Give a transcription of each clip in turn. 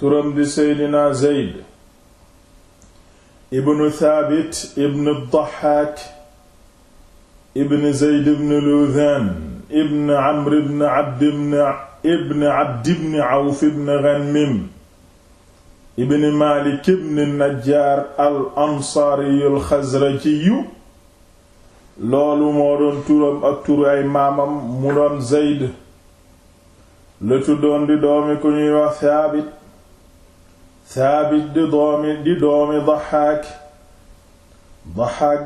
turam di seydina zeyd ibnu thaabit ibnu daxaak ibn zeyd ibn luudaan ibn amr ibn abd ibn awf ibn ghanmim ibn maalik ibn najjaar al ansaariyu al xazrajiyu loolu moo doon turam ak turu ay mamam mu doon zeyd la tuddoon di doomi ku ñuy wax thaabit Saabit di doomi di doomi Daxaak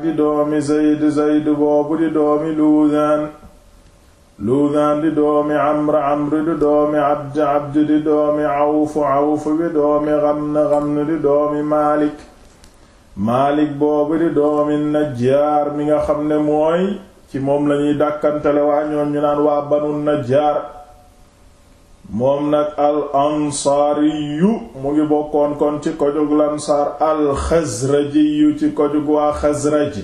di doomi Zayd Zayd boobu di doomi Luudaan Luudaan di doomi Amr Amr di doomi Abd Abd di doomi Awf Awf di doomi Ganm Ganm di doomi Maalik Maalik boobu di doomi Najjaar mi nga xam ne mooy ci moom lañuy dàkkantele waa ñoom ñu naan waa Banu Najjaar moom nag al ansaariyu mu ngi bokkoon koon ci kojug lansaar al xasrajiyu ci kojug waa xasraji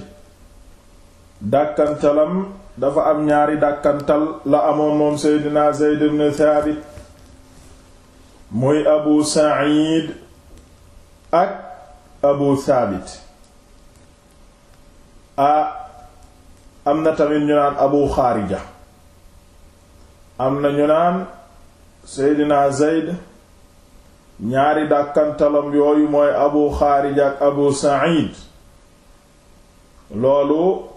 dàkkantalam dafa am ñaari dàkkantal la amoon moom seydina zeyd ibn muy abu said ak abu thaabit a am na tamit ñu naan abu xaarija am na ñu naan seydina zeyd ñaari dàkkantalam yooyu mooy abu xaarij ak abu said loolu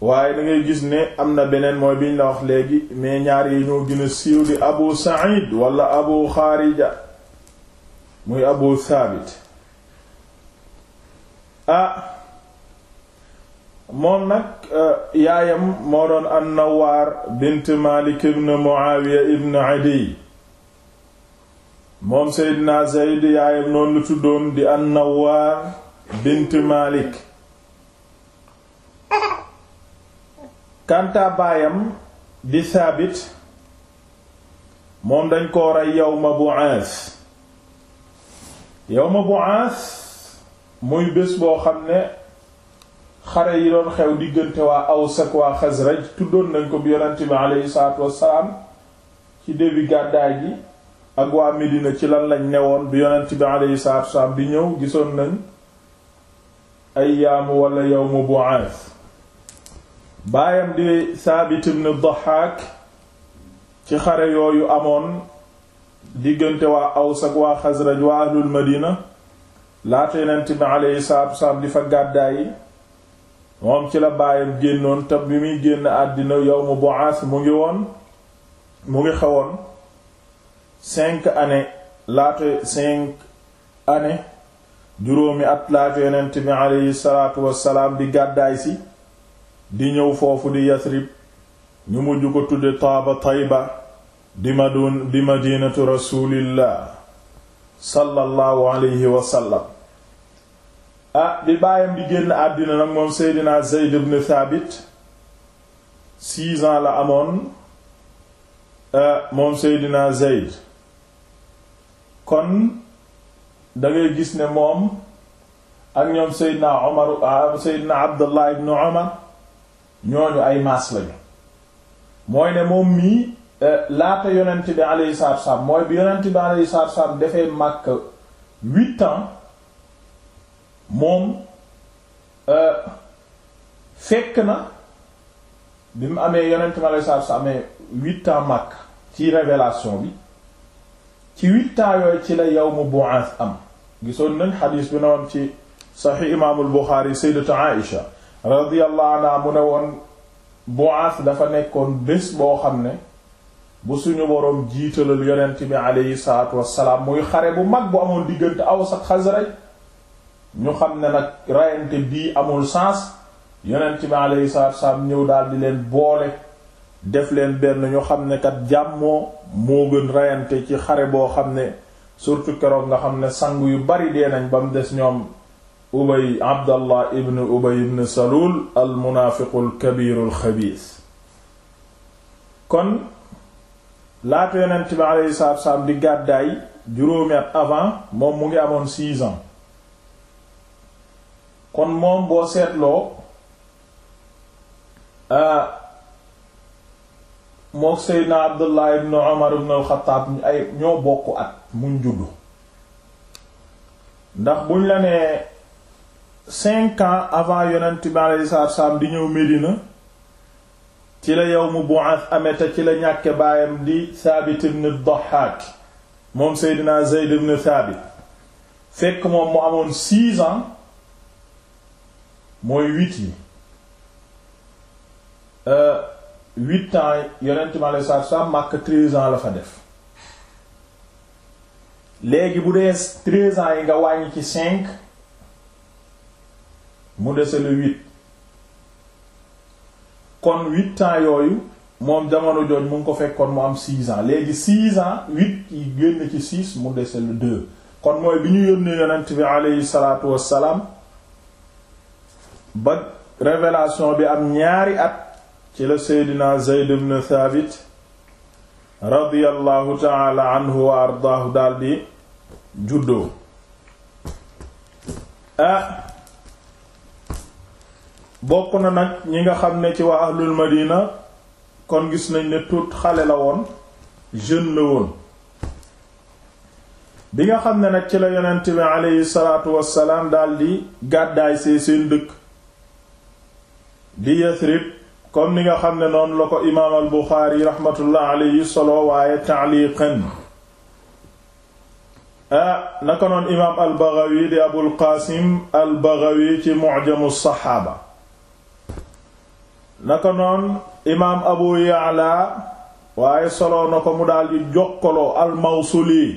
waaye da ngay gis ne am na beneen mooy biñ la wax léegi mais ñaar yi ñoo gën a siiw di abu said wala abu xaarija muy abu saabit ah moom nag euh, yaayam moo doon an-Nawwaar bint Maalik ibn Muawiya ibn Adiy moom Seydina Zayd yaayam noonu lu di an-Nawwaar bint Maalik kanta baayam di Saabit moom dañ ko rey yawma Bu'aas yawma Bu'aas muy bés boo xam ne xare yi doon xew diggante waa Aws ak waa Xasraj tuddoon nañ ko bi yonent bi aleyhi salaatu wassalaam ci début gàddaay gi ak waa Medina ci lan lañ newoon bi yonent bi aleyhi salaatu wassalaam bi ñëw gisoon nañ ayyaamu mu yawmu Bu'ath baayam di Saabit ibn Dahhaak ci xare yooyu amoon diggante waa Aws ak waa Xasraj waa ahlul Madina laata yonent bi aleyhi salaatu wassalaam di fa gàddaay moom ci la baayam génnoon te bi muy génn àddina yawmu Bu'aas mu ngi woon mu ngi xewoon cinq années laata cinq années juróomi at laata yonent bi aleyhi salaatu wassalaam di gàddaay si di ñëw foofu di Yasrib ñu mujj ko tudde Taaba Tayba di madun di madinatu rasulillah sallallahu alayhi wa sallam ah bi baayam di génn àddina nag moom Seydina Zayd ibn Thabit six ans la amoon ah, moom Seydina Zayd kon dangay gis ne moom ak ñoom Seydina Omar ah, Seydina Abdullah ibn Omar ñooñu ay maas lañu mooy ne moom mii eh, laata yonent bi alayhi salaatu wa salaam mooy bi yonent bi alayhi salaatu wa defee Makka huit ans moom euh, fekk na bi mu amee yonent mi aleyhi amee huit ans ci révélation bi ci huit ans yooyu ci la yawmu bu'ath am gisoon nañ xadiis bi na woon ci saxi imaamul Buxaari sayyidatu Aïsha radiyallahu anha mu ne woon bu'ath dafa nekkoon bés boo xam ne bu suñu boroom jiitalal yonent bi aleyhi salaatu wassalaam muy xare bu mag bu amoon diggante aw ak Xasraj ñu xam ne nag rayante bii amul sens yonent bi alayhi salaatu wassalaam ñëw daal di leen boole def leen benn ñu xam ne kat jàmmoo moo gën rayante ci xare boo xam ne surtout keroog nga xam ne sang yu bari dee nañ ba mu des ñoom ubay abdallah ibn ubay ibn salul al munaafiqul kabirul xabiis kon laata yonent bi alayhi salaatu di gàddaay juróomi at avant moom mu ngi amoon six ans kon moom boo seetloo euh, moo seydna abdullah ibn omar ibn alxataab ay ñoo bokk at muñ juddu ndax buñ la nee cinq ans avant yonent bi alayhi salaatu salaam di ñëw Medina ci la yawmu bu'ath ameta ci la ñàkke baayam di Thabit ibn Dahhak moom seydna Zayd ibn Thabit fekk moom mu amoon six ans mooy huit yi euh, huit ans yonent mi aleyhi salaatu salaam Makka treize ans la fa def léegi bu dee treize ans yi nga wàññi ci cinq mu dese le huit kon huit ans yooyu moom jamono jooj mu ngi ko fekkoon mu am six ans léegi six ans huit yi génn ci six mu dese le deux kon mooy bi ñu yónnee yonent bi aleyhi salaatu salaam ba révélation bi am ñaari at ci la seydina Zayd ibn Thabit radiyallahu taala anhu wa ardaahu daldi juddoo ah, bokk na nag ñi nga xam ne ci waa ahlul madina kon gis nañ ne tuut xale la woon jeune la woon bi nga xam ne nag ci la yonent bi aleyhi salaatu wassalaam daldi gàddaay see seen dëkk di Yasrib comme ni nga xam ne noonu la ko imaam al Buxaari rahmatullah alayhi solo waaye taaliqan ah naka noon imaam al Baghawi di Abul Qaasim al Baghawi ci Mu'jamu Saxaaba naka noon imaam Abu Ya'la waaye solo na ko mu daal di jokkaloo al Mawsuli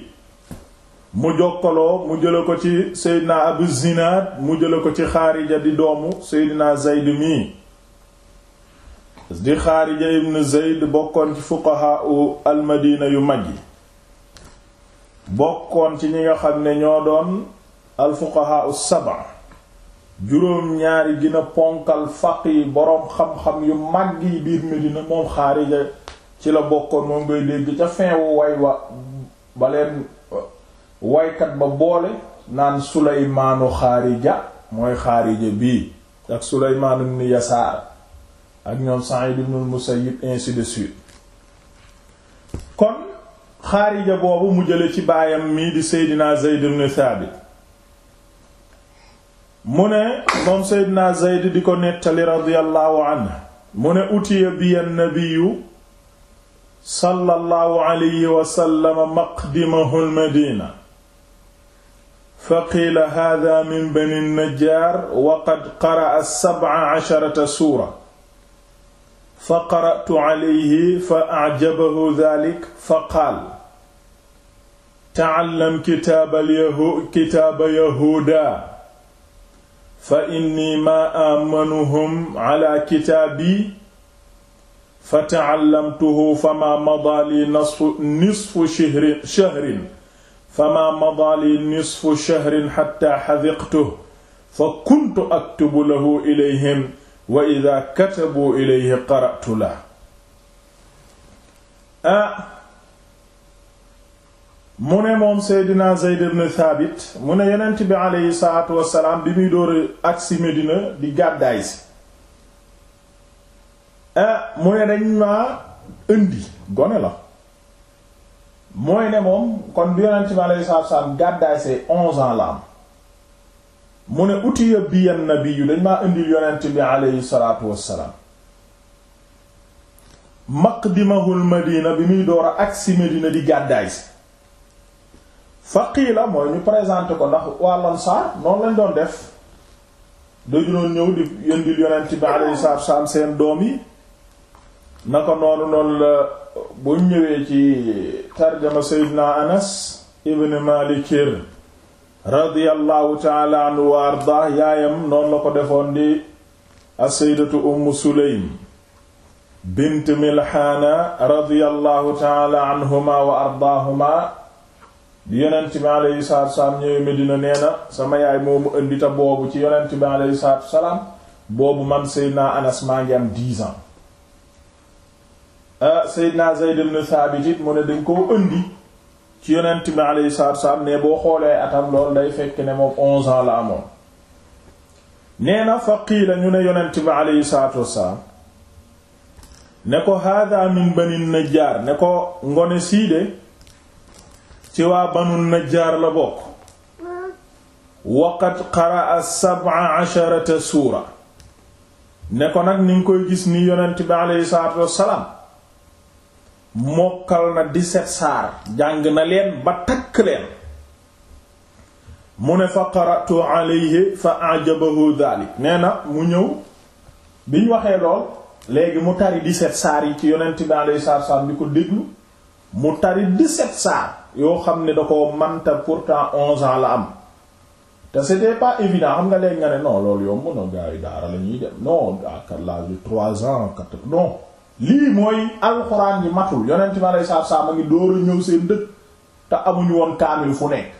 mu jokkaloo mu jële ko ci Seydina Abu Zinaad mu jële ko ci Xaarija di doomu Seydina Zayd mi di Xaarija ibn Zayd bokkoon ci fuqahaa u almadina yu mag yi bokkoon ci ñi nga xam ne ñoo doon alfuqahaa u saba juróom ñaari gina ponkal faq yi boroom xam-xam yu mag yi biir Medina moom Xaarija ci la bokkoon moom ngay dégg ca fin wu way wa ba waykat ba boole naan Sulaymaanu Xaarija mooy Xaarija bii ak Sulaymaan ibn Yasaar ak ñoom kon xaarija boobu mu jële ci baayam mi di Seydina Zayd ibn Thabit mu ne Seydina Zayd di ko nettali radiyallahu anhu mu ne utiya bi an maqdimahu al-madina fa qiila min bani an-najjar wa qad suura fa qara'tu alayhi fa a'jabahu dhalik fa qaal ta'allam kitaabal yahu kitaaba yahuuda fa inni ma amanuhum ala kitaabi fa ta'allamtuhu fama madaa li nisfu nisfu shahrin shahrin fama madaa li nisfu shahrin hatta hadiqtuhu fa kuntu aktubu lahu ilayhim wa ida katabu ilayhi qara'tu la ah mu ne moom seydina zeyd ibn thabit mu ne yonent bi aleyhi salaatu wasalaam bi muy dóor agsi Medina di gàddaay si mu ne dañ ma indi gone la mooy ne moom kon bi yonent bi aleyhi salaatu wasalaam gàddaay see onze ans la am mu ne utiya biyan nabiyu dañ maa indil yonent bi aleyhi salaatu wassalaam maqdimahul madina bi muy door a agsi madina di gàddaay si fa qiila mooy ñu présenté ko ndax wàllan saar noonu lañ doon def dañu doon ñëw di yëndil yonent bi aleyhi salaatu wassalaam seen doom yi na ko noonu noonu la buñ ñëwee ci tarjama seydina anas ibn malikir radiyallahu taala anhu wa ardah yaayam noonu la ko defoon di assaydatu umm sulaym bint milhaana radiyallahu taala wa ardaahuma bi aleyhi sama yaay moomu indi ta boobu ci yonent bi aleyhi salaatu boobu man Seydina Anas maa ngi am 10 ans ah, Seydina Zayd mu ne dañ koo indi ci yonent bi alayhi salaatu wassalaam ne boo xoolee atam loolu day fekk ne moom onze ans la amoon nee na fa qiila ñu ne yonent bi alayhi salaatu wassalaam ne ko hada min bani najjaar ne ko ngone siide de ci waa banu najjaar la bokk waqad qaraa sab'a asharata suura ne ko nag ni nga koy gis ni yonent bi alayhi salaatu wassalaam mokkal na 17 saar jàng na leen ba takk leen mu ne fa qara'tu alayhi fa ajabahu dhalik nee na mu ñëw biñ waxee lool léegi mu tari 17 saar yi ci yonent bi alayhi salaatu salaam di ko déglu mu tari 17 saar yoo xam ne da ko manta pourtant 11 ans la am te c'était pas évident xam nga léegi nga ne non loolu yomb na gars yi daara la ñuy dem non à l'âge de 3 ans 4 non lii mooy alxuraan yi matul yonent bi aleyhi salaatu salaam a ngi door a ñëw seen dëkk te amuñu woon kaamil fu nekk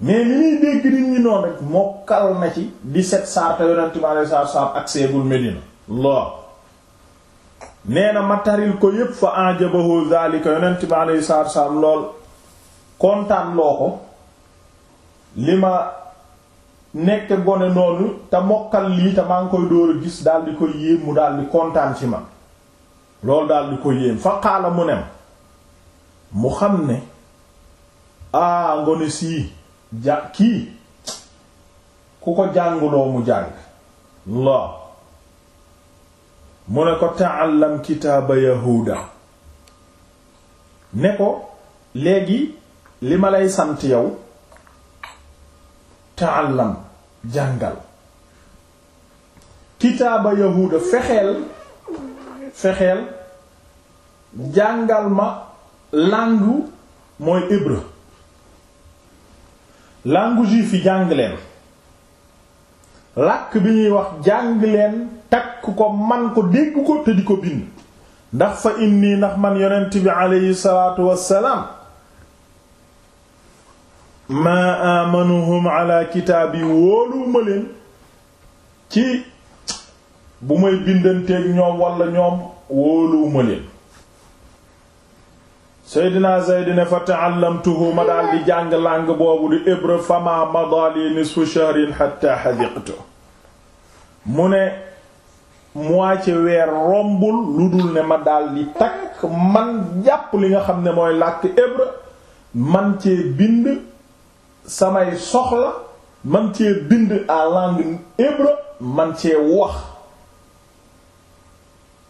mais li ñuy dégg nit ñi noonu rek mokkal na ci 17 saar te yonent bi aleyhi salaatu salaam ak seegul Medina Allah nee na ma ko yépp fa ajabahu zalika yonent bi lool kontaan loo ko li ma nekk gone noonu te mokkal lii te maa ngi koy door a gis daal di koy yéem mu daal di kontaan ci ma. loolu daal di ko yéem fa xaala mu nem mu xam ne aa ngone sii ja ku ko jànguloo mu jàng laa mu ne ko ta'allam kitaaba yahuuda ne ko léegi li ma lay sant yow ta'allam jàngal kitaaba yahuuda fexeel fexeel jàngal ma langue mooy hébreu langue juif yi jàng leen làkk bi ñuy wax jàng leen takk ko man ko dégg ko te di ko bind ndax fa inni ndax man yonent bi aleyhi salaatu wassalaam maa amanuhum ala kitaabi wóoluwuma leen ci bu may bindanteeg ñoom wala ñoom wóoluwuma leen seydina Zayd fa ta'allamtuhu ma daal di jàng langue boobu di hébreu fama madali nisfu shahrin hatta hadiqtu mu ne moitié weer ne ma daal di li nga xam ne mooy làkk hébreu man cee bind samay soxla man cee bind à langue man cee wax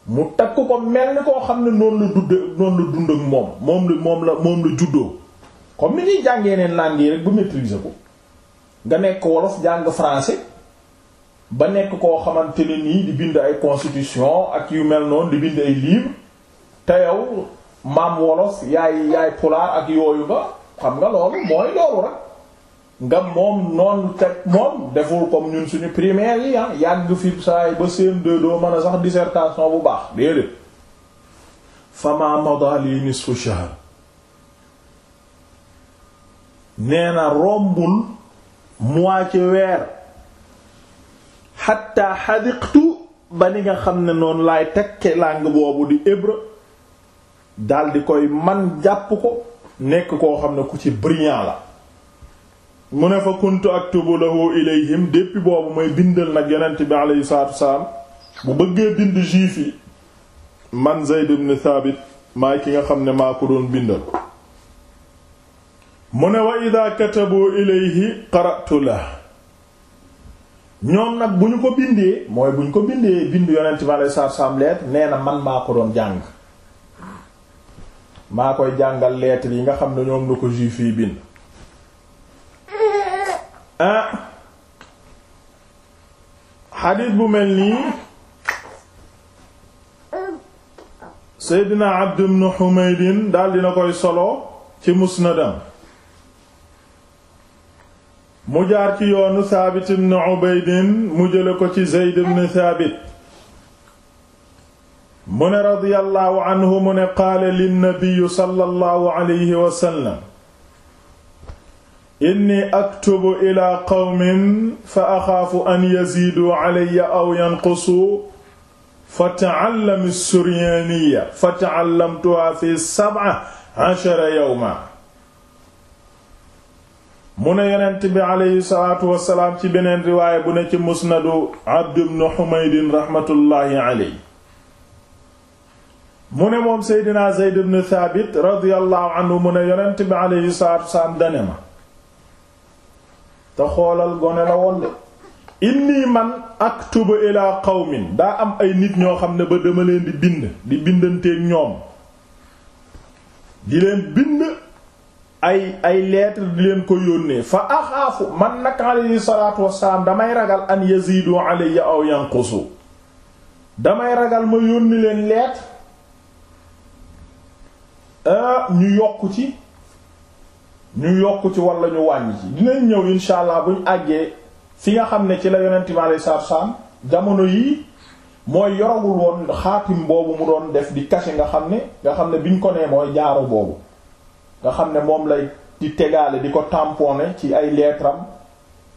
mu takk ko mel ni koo xam ne noonu la dudd dund ak moom moom la moom la moom la juddoo comme ni ñuy jàngee neen langue yi rek ba maîtriser ko nga nekk wolof jàng français ba nekk koo xamante ne nii di bind ay constitution ak yu mel noonu di bind ay livre te yow maam wolof yaay yaay pulaar ak yooyu ba xam nga loolu mooy loolu rek nga moom noonu teg moom deful comme ñun suñu primaire yi ah, yàgg fi saay ba CM2 mën a sax dissertation bu baax déedéet fama madali nisfu shahr nee na rombul ci weer xatta xadiqtu ba ni nga xam ne noonu laay tekke langue boobu di hébreu dal di koy man jàpp ko nekk koo xam ne ku ci brillant la mu ne fa kuntu aktubu lahu ilayhim depuis boobu mooy bindal nag yonent bi aleyhi salaatu wasalaam bu bëggee bind juif yi man Zayd ibn Thabit maay ki nga xam ne maa ko doon bindal mu ne wa ida katabu ilayhi qara'tu la ñoom nag bu ñu ko bindee mooy bu ñu ko bindee bind yonent bi aleyhi salaatu wasalaam nee na man maa ko doon jàng maa koy jàngal lettre yi nga xam ne ñoom la ko juif yi bind ah xadiis bu mel nii Seydina Abd ibn Humaydin daal dina koy solo ci musnadam mu jaar ci yoonu Saabit ibn Ubaydin mu jële ko ci Zayd ibn Saabit mu ne radiyallahu anhu mu ne qaala linnabiyu sallallahu alayhi wa inni aktubu ila qawmin fa axaafu an yaziidu alayya aw yanqusu fa ta'allami suryaaniya fa ta'allamtuha fi sab'a ashara yawma mu ne yonent bi aleyhi salaatu wasalaam ci beneen riwaaya bu ne ci musnadu Abd ibn Humayd raxmatullaahi aleyhi mu ne moom Seydina Zayd ibn Thaabit radiyallaahu anhu mu ne yonent bi aleyhi salaatu wasalaam dane ma te xoolal gone la woon de inni man aktubu ila qawmin daa am ay nit ñoo xam ne ba dama leen di bind di bindanteeg ñoom di leen bind ay ay lettre di leen ko yónnee fa axaafu man nag alayhi salaatu wassalaam damay ragal an yazidu alayya aw yanqusu damay ragal ma yónni leen lettre ah, ñu yokk ci ñu yokk ci wala ñu wàññi ci dinañ ñëw insha allah bu ñu àggee fi nga xam ne ci la yonent mi alayhi salaatu jamono yii mooy yoragul woon xaatim boobu mu doon def di caché nga xam ne nga xam ne biñ ko nee mooy jaaro boobu nga xam ne moom lay di tegaale di ko tamponné ci ay leetram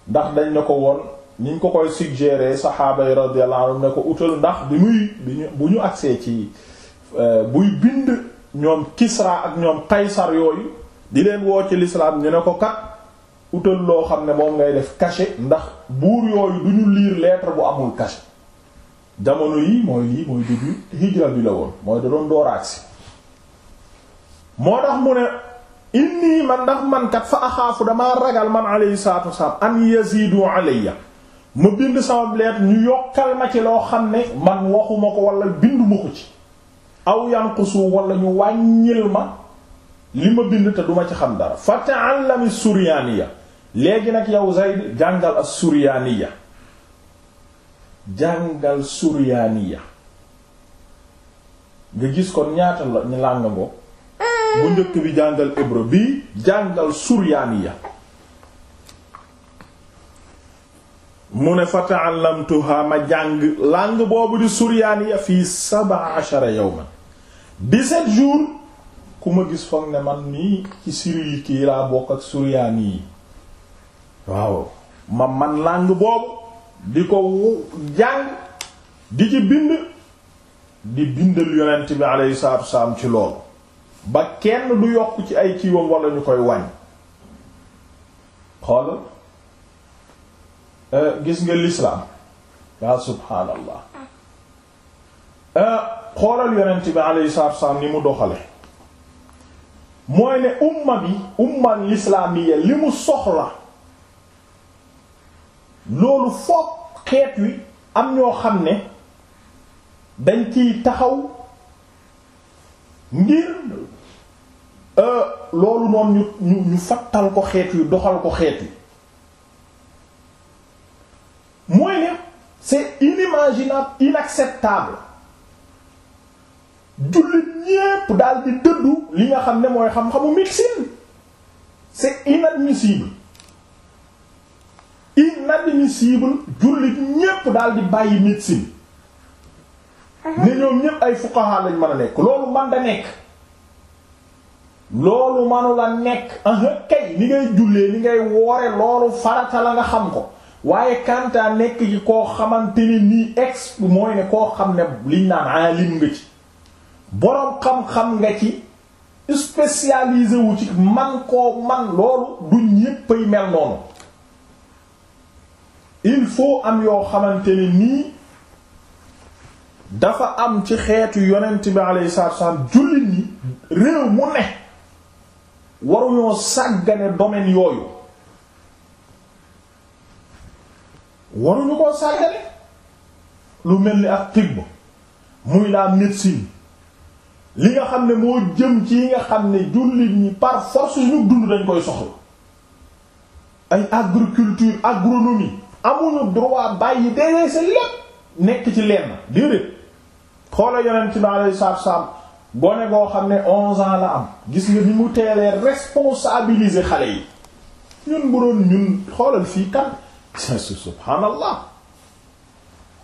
ndax dañ ne ko woon niñ ko koy suggérer saxaaba yi radiyallahu anhum ne ko utal ndax bi muy bu ñu agsee ci euh, buy bind ñoom Kisra ak ñoom Qaysar yooyu di leen woo ci lislaam ñu ne ko kat utal loo xam ne moom ngay def cachet ndax buur yooyu du ñu liir leetar bu amul cachet jamono yi mooy lii mooy début hijra bi la woon mooy da doon dooraat si moo tax mu ne inni man ndax man kat fa axaafu damaa ragal man alayhi salaatu wasalaam an yazidu alayya ma bind sama lettre ñu yokkal ma ci loo xam ne man waxuma ko walla binduma ko ci aw yanqusu wala ñu wàññil ma li ma bind te duma ci xam dara fa ta'allami suryaaniya léegi nag yow Zayd jàngal as suryaaniya nga gis ko ñaata làng ngo bu njëkk bi jàngal hébreu bi jàngal suryaaniya mu ne fa ta'allamtuha ma jàng làng boobu di suryaaniya fii sab'a ashara yawman 17 jours ku ma gis foog ne man nii ci Siriki yi laa bokk ak Suryaani yi waaw ma man langue boobu di ko jàng di ci bind di bindal yonent bi alayhi salaatu wasalaam ci loolu ba kenn du yokk ci ay kiiwam wala ñu koy wàññ xool euh, gis nga lislaam yaa subhaanallah euh, xoolal yonent bi alayhi salaatu wasalaam ni mu doxale mooy ne umma bi umma lislaamiya li mu soxla loolu foog xeet wi am ñoo xam ne dañ ciy taxaw ngir euh, loolu noonu ñu ñu ñu fattal ko xeet wi doxal ko xeet wi mooy ne c'est inimaginable inacceptable jullit ñépp daal di dëddu li nga xam ne mooy xam-xamu médecine c'est inadmissible inadmissible jullit ñépp daal di bàyyi médecine uh-huh. ne ñoom ñépp ay fuqaha lañ mën a nekk loolu man da nekk loolu manu la nekk aha uh-huh. kay ni ngay jullee ni ngay woore loolu farata la nga xam ko waaye kanta nekk ci koo xamante ni nii ex mooy ne koo xam ne liñ naan alim nga ci boroom xam-xam nga ci spécialisé wu ci man koo man loolu du ñépp mel noonu il faut am yoo xamante ne nii dafa am ci xeetu yonent bi alayhi salaatu wasallam jullit ñi réew mu ne waruñoo sàggane domaine yooyu waruñu koo sàggane lu mel ni ak tibb muy la médecine li nga xam ne moo jëm ci yi nga xam ne jullit ñi par force ñu dund dañ koy soxla ay agriculture agronomie amuñu droit bàyyi déedéet sa lépp nekk ci lenn déedéet xoola yonent ci daal saab-saab gone goo xam ne onze ans la am gis nga ni mu teelee responsabiliser xale yi ñun bu doon ñun xoolal fii kan subhaanallah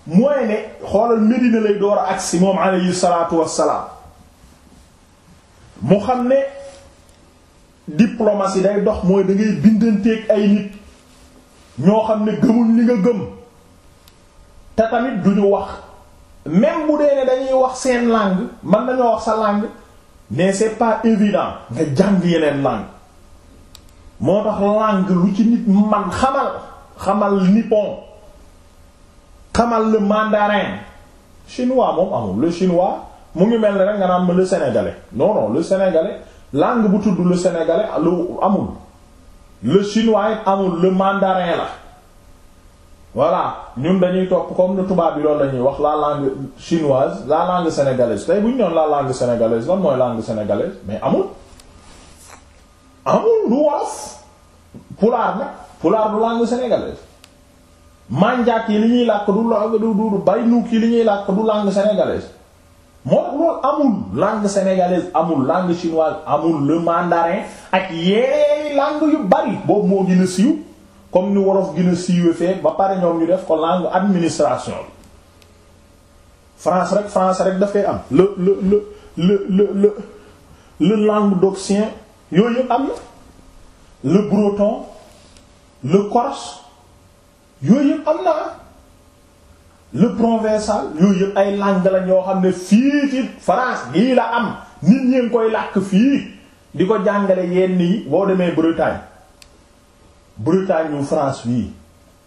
mooy ne xoolal Medina lay door a agsi moom alayhi salaatu wassalaam mu xam ne diplomatie day dox mooy da ngay bindanteeg ay nit ñoo xam ne gëmuñ li nga gëm te tamit duñu wax même bu dee ne dañuy wax seen langue mën nañoo wax sa làng mais c'est pas évident nga jàng yeneen langue moo tax langue lu ci nit man xamal xamal nippon xamal le mandarin chinois moom amul le chinois mu ngi mel ni rek nga naan ma le sénégalais non non le sénégalais bu tudd le sénégalais lu amul le chinois it amul le mandarin la voilà ñun dañuy topp comme le tubaab bi loolu la wax la langue chinoise la langue sénégalaise tey bu ñu noonu la langue sénégalaise lan mooy langue sénégalaise mais amul amul du wolof pulaar nag pulaar du langue sénégalaise manjaak yi li ñuy làkk du du du baynuuk yi li ñuy làkk du langue sénégalaise moom loolu amul langue sénégalaise amul langue chinoise amul le mandarin ak yeey langue yu bari boobu moo gën siiw comme ni wolof gën a siiwee fee ba pare ñoom ñu def ko langue administration bi France rek France rek dafay am le le le le le le le yëpp am na le breton le corse yooyu yëpp am na le provençal yooyu yëpp ay langue la ñoo xam ne fii ci France gii la am nit ñi ngi koy làkk fii di ko jàngale yenn yi boo demee Bretagne Bretagne yu France bii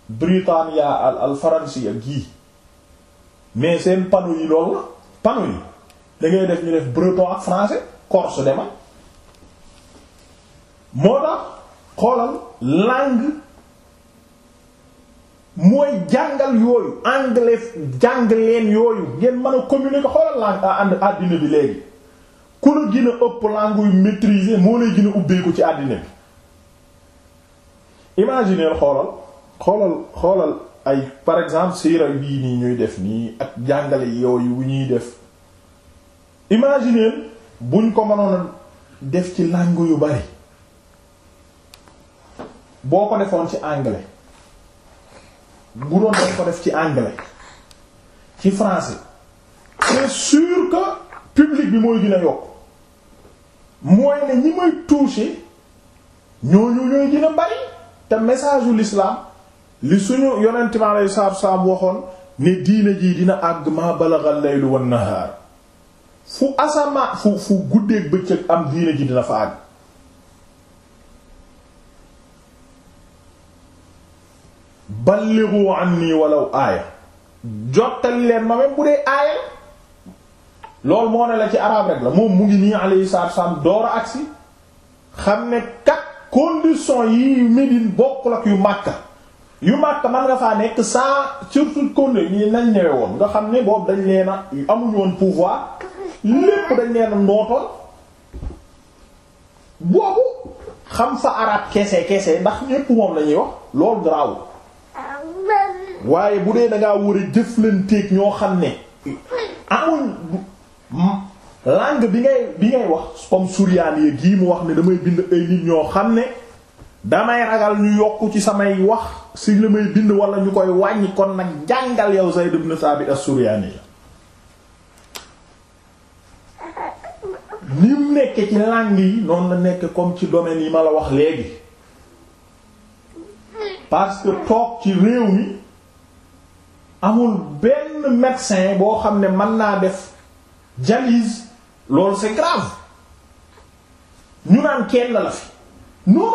Britannia al al faransi ak gii mais seen panneau yi loolu la panneau yi da def ñu def breton ak français corse dema moo tax xoolal langue mooy jàngal yooyu anglais jàng leen yooyu ngeen mën a communiquer xoolal langue àddina bi léegi ku la gën ëpp langue yu maîtriser moo lay gën ubbeeku ci àddina bi imaginer xoolal xoolal xoolal ay par exemple siira bii nii ñuy def nii ak jàngale yooyu wu ñuy def imaginer buñ ko mënoon a def ci langue yu bari boo ko defoon ci anglais bu doon daf ko def ci anglais ci français c'est sûr que public bi mooy dina yokk mooy ne ñi may toucher ñooñu ñooy dina bari te message u l'islam li suñu yonent mi alayhi salaatu salaam waxoon ne diina jii dina àgg ma balagal laylu wan nahaar fu asama fu fu guddeeg bëccëg am diina ji dina fa àgg ballighu anni walaw aaya jottal leen ma même bu dee aaya loolu moo ne la ci arab rek la moom mu ngi nii alayhi salaatu wassalaam door a agsi xam ne kat condition yi Médine bokkul ak yu Makka yu Makka man nga faa nekk sans surtout condition yi nañ ñëwee woon nga xam ne boobu dañ leen a amuñu woon pouvoir lépp dañ leen a nootoon boobu xam fa arab kese kese ndax ñépp moom la ñuy wax loolu garaawul waaye bu dee da ngaa war a jëflanteeg ñoo xam ne amul langue bi ngay bi ngay wax comme suryaan yi gii mu wax ni damay bind ay nit ñoo xam ne damay ragal ñu yokk ci samay wax si la may bind wala ñu koy wàññi kon nag jàngal yow Zayd ibn Sabit as-Suryaani ni mu nekk ci langue yi noonu la nekk comme ci domaine yi ma la wax léegi parce toog ci réew mi amul benn médecin boo xam ne mën naa def dialyse loolu c'est grave ñu naan kenn la fi non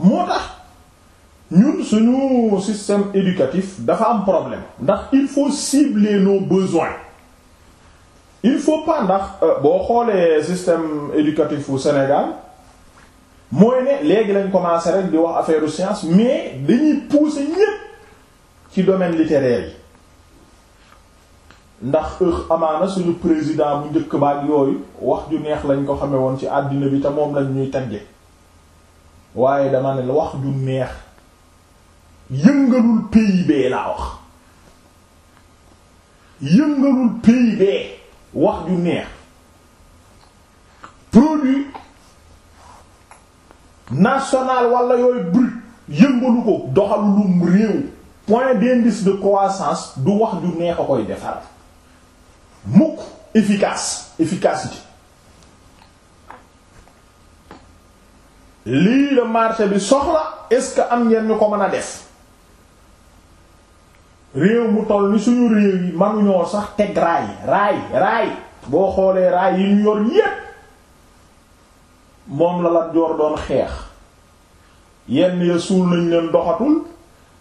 moo tax ñun suñu système éducatif dafa am problème ndax il faut cibler nos besoins il faut pas ndax euh, boo xoolee système éducatif au Sénégal mooy ne léegi lañ commencé rek di wax affaire science mais dañuy pousser ñépp ci domaine littéraire yi ndax amaana suñu président bu njëkk baak yooyu wax ju neex lañ ko xame woon ci àddina bi te moom lañ ñuy tagge waaye dama ne wax ju neex yëngalul PIB laa wax yëngalul PIB wax ju neex produit national wala yooyu brut yëngalu ko doxalulum réew point d'indice de croissance du wax ju neex a koy defar mukk efficace efficacité lii la marché bi soxla est-ce am ngeen ñu ko mën a def réew mu toll ni suñu réew yi ñoo sax teg raay raay raay boo xoolee raay yi ñu yor yépp moom la la joor doon xeex yenn ya suul nañ leen doxatul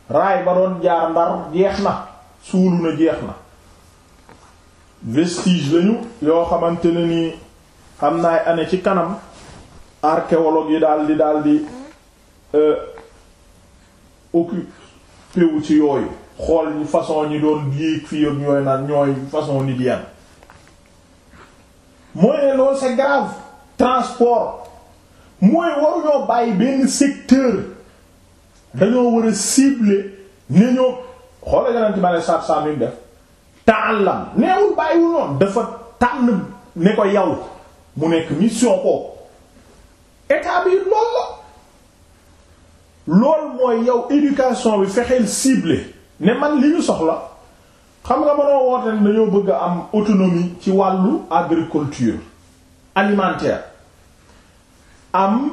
raay ba doon jaar ndar jeex na suulu na jeex na vestige lañu yoo xamante ne ni xam naay ane ci kanam archéologue yi daal di daal di euh, occupé wu ci yooyu xool ñu façon ñi doon yéeg fii ak ñooy naan ñooy façon nit yan mooy ne loolu c'est grave transport mooy waruñoo bàyyi benn secteur dañoo war a cibler ne ñoo xoolal yeneen ci ma saab saab yi def ta'allam neewul bàyyiwul noonu dafa tànn ne ko yow mu nekk mission ko état bi lool la mooy yow éducation bi fexeel ciblé ne man li ñu soxla xam nga mënoo woote ne dañoo bëgg a am autonomie ci wàllu agriculture alimentaire am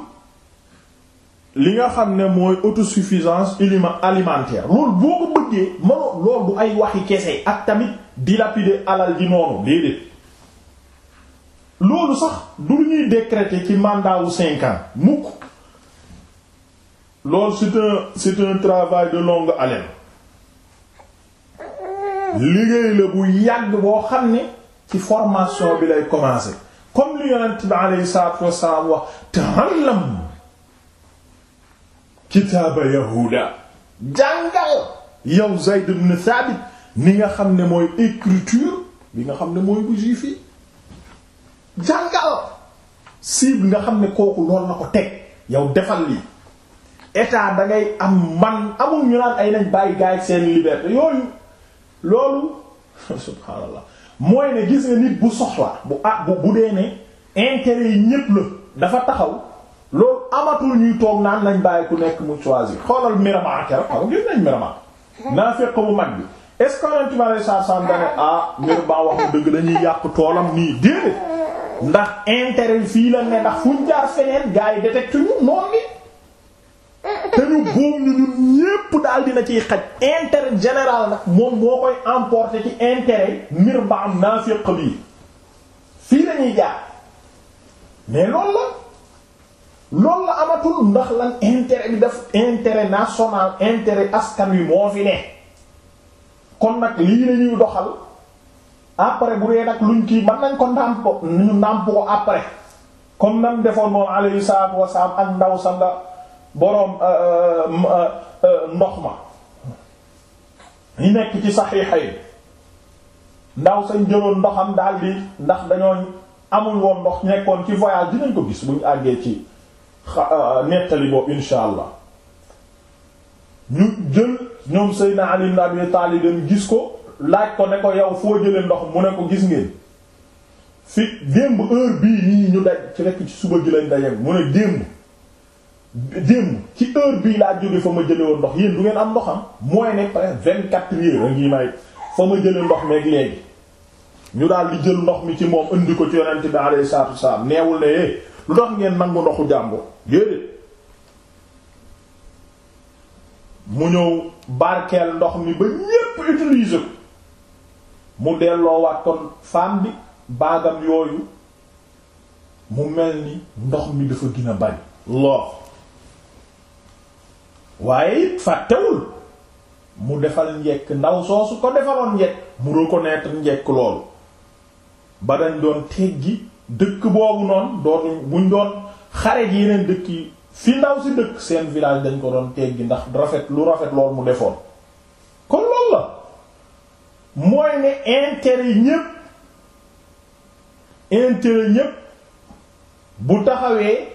li nga xam ne mooy autosuffisance aliment alimentaire loolu boo ko bëggee mënoo loolu du ay waxi kese ak tamit dilapider alal ji noonu déedéet loolu sax du lu ñuy décréter ci mandat wu mukk loolu c'est un travail de longue haleine liggéey la bu yàgg boo xam ne ci formation bi lay commencer comme li yonent bi aleyhi salaatu wassalaam wax ta'allam kitaaba yahuda jàngal yow Zayd ibn Thabit ni nga xam ne mooy écriture bi nga xam ne mooy bu juif yi jàngal cible nga xam ne kooku lool na ko teg yow defal lii état da ngay am man amul ñu naan ay nañ bàyyi gaay seen liberté yooyu loolu subhaanallah mooy ne gis nga nit bu soxla bu ah bu bu dee ne intérêt yi ñépp la dafa taxaw loolu amatul ñuy toog naan nañ bàyyi ku nekk mu choisir xoolal Miramax keroog xam nga gis nañ Miramax naa fekk bu mag bi. est-ce que yonent ah mbir baa wax dëgg dañuy yàq toolam nii déedéet ndax intérêt fii la ne ndax fuñ jaar feneen gars yi détecte ñu noonu ni te góom ñu ñun ñépp daal dina ciy xaj intérêt général nag moom moo koy emporter ci intérêt mbir ba am naafiq fii lañuy jaar mais loolu la loolu la amatul ndax lan intérêt bi def intérêt national intérêt askan wi moo fi ne kon nag lii lañuy ñuy doxal après bu dee nag luñ kii mën nañ ko ndàmp ko ñu ndàmp ko après comme nan defoon moom alayhi salaatu wasalaam ak ndaw sa nga boroom euh, euh, euh, ndox ma yi nekk ci saxiixa yi ndaw sañ jëloon ndoxam daal di ndax dañoo amul woon ndox nekkoon ci voyage dinañ ko gis buñ àggee ci nettali boobu insha ñu jël ñoom Seydina Ali ibn Abi Talib dem gis ko laaj ko ne ko yow foo jëlee ndox mu ne ko gis ngeen fi démb heure bii nii ñu daj ci rekk ci suba gi lañ dajeeg mu ne démb démb ci heure bii laa jóge fa ma jële woon ndox yéen du ngeen am ndoxam mooy ne presque vingt quatre heures a ngi may fa ma jële ndox meeg léegi ñu daal di jël ndox mi ci moom indi ko ci yonent bi alayhi salaatu wasalaam neewul ne eh, lu tax ngeen nangu ndoxu jàmbur déedéet mu ñëw barkeel ndox mi ba ñépp utiliser ko mu delloowaat kon femme baagam yooyu mu mel ni ndox mi dafa gën a bari lool waaye it fàttewul mu defal njekk ndaw soosu ko defaloon njekk mu reconnaître njekk loolu ba dañ doon teggi dëkk boobu noonu doon buñ doon xare yeneen dëkk yi fi ndaw si dëkk seen village dañ ko doon teggi ndax rafet lu rafet lool mu defoon kon loolu la mooy ne intérêt ñépp intérêt ñépp bu taxawee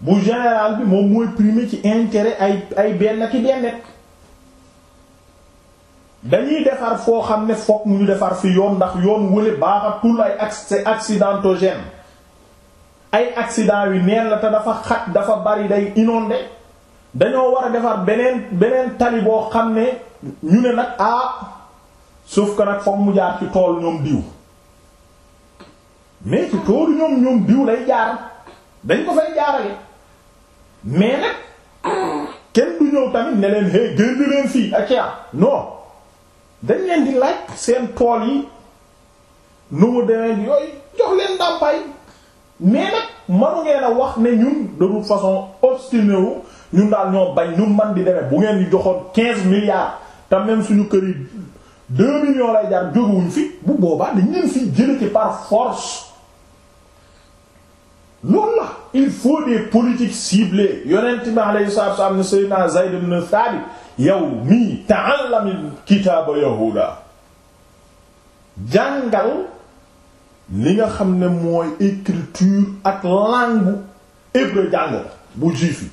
bu général bi moom mooy primer ci intérêt ay ay benn ki bennet dañuy defar foo xam ne fokk mu ñu defar fi yoon ndax yoon wële baaxatul ay accidentogène ay accident yu neen la te dafa xat dafa bari day inondé dañoo war a defar beneen beneen tali boo xam ne ñu ne nag ah suuf ko nag foog mu jaar ci tool ñoom diw mais ci toolu ñoom diw lay jaar dañ ko fay jaarale mais nag kenn du ñëw tamit ne leen hey génn leen fii ak yaa dañ leen di laaj seen tool yi nu mu demee yooyu jox leen ndàmpaay. mais nag ngeen a wax ne ñun de toute façon obstiné wu ñun daal ñoo bañ ñu man di demee bu ngeen di joxoon quinze milliards te même suñu kër yi deux lay jaar jógewuñ fi bu boobaa dañ leen fiy jële ci par force loolu la il faut des politiques ciblées yonent bi alayhi salaatu wa salaam sayyidina Zayd ibn Thabit yow mii ta'allam kitaaba yahuda jàngal li nga xam ne mooy écriture ak langue hébreu jàngo bu juif yi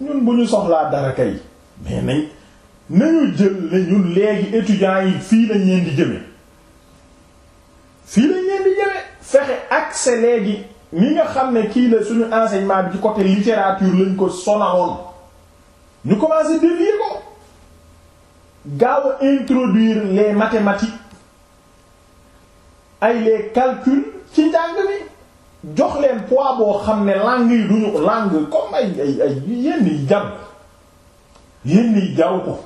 ñun bu ñu soxlaa dara kay mais nañ nañu jël ne ñun léegi étudiants yi fii lañ leen di jëme fii lañ leen di jëme fexe accès léegi ni nga xam ne kii la suñu enseignement bi ci côté littérature lañ ko sonawoon ñu commencé dévier ko gaaw a introduire les ay les calculs ci njàng mi jox leen boo xam ne langue yi duñu làng comme ay ay ay yenn yi jam yenn yi jaw ko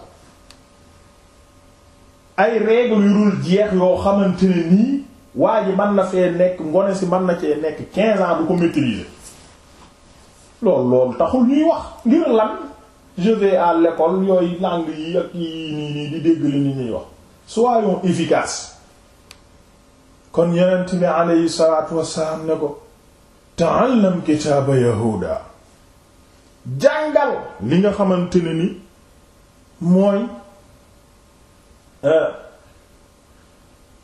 ay règles yu dul jeex yoo xamante nii waa ji mën na fee nekk ngone si mën na cee nekk quinze ans du ko maîtriser loolu loolu taxul ñuy wax ngir lan je vais à l'école yooyu langue yi ak yi nii nii di dégg li ni ñuy wax soyons kon yonent bi aleyhi salaatu wassalaam ne ko ta'allam kitaaba yahuda jàngal li nga xamante ne ni mooy euh,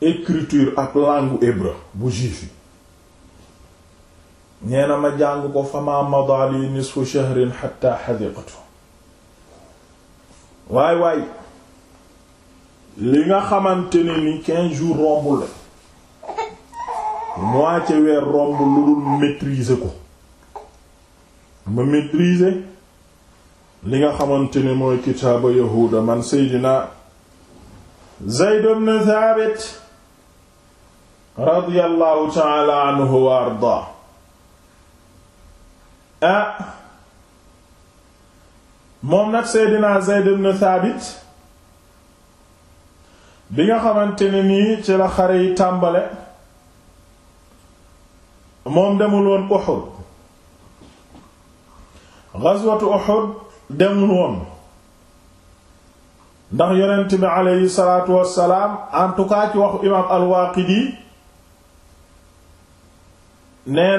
écriture ak langue hébreu bu juif yi nee ma jàng ko fama madali nisfu shahrin hatta hadiqatu waay waay li nga xamante ne ni quinze jours rombul la moitié weer romb lu dul maîtriser ko ma maîtriser li nga xamante ne mooy kitaaba yahuuda man seydina Zayd ibn Thabit radiyallahu ta'ala anhu wa ardaa ah moom nag seydina Zayd ibn Thabit bi nga xamante ne nii ci la xare yi tàmbale moom demul woon Uhud ghazwatu Uhud demul woon ndax yonent bi aleyhi salaatu wassalaam en tout cas ci waxu imaam al-Waaqidi nee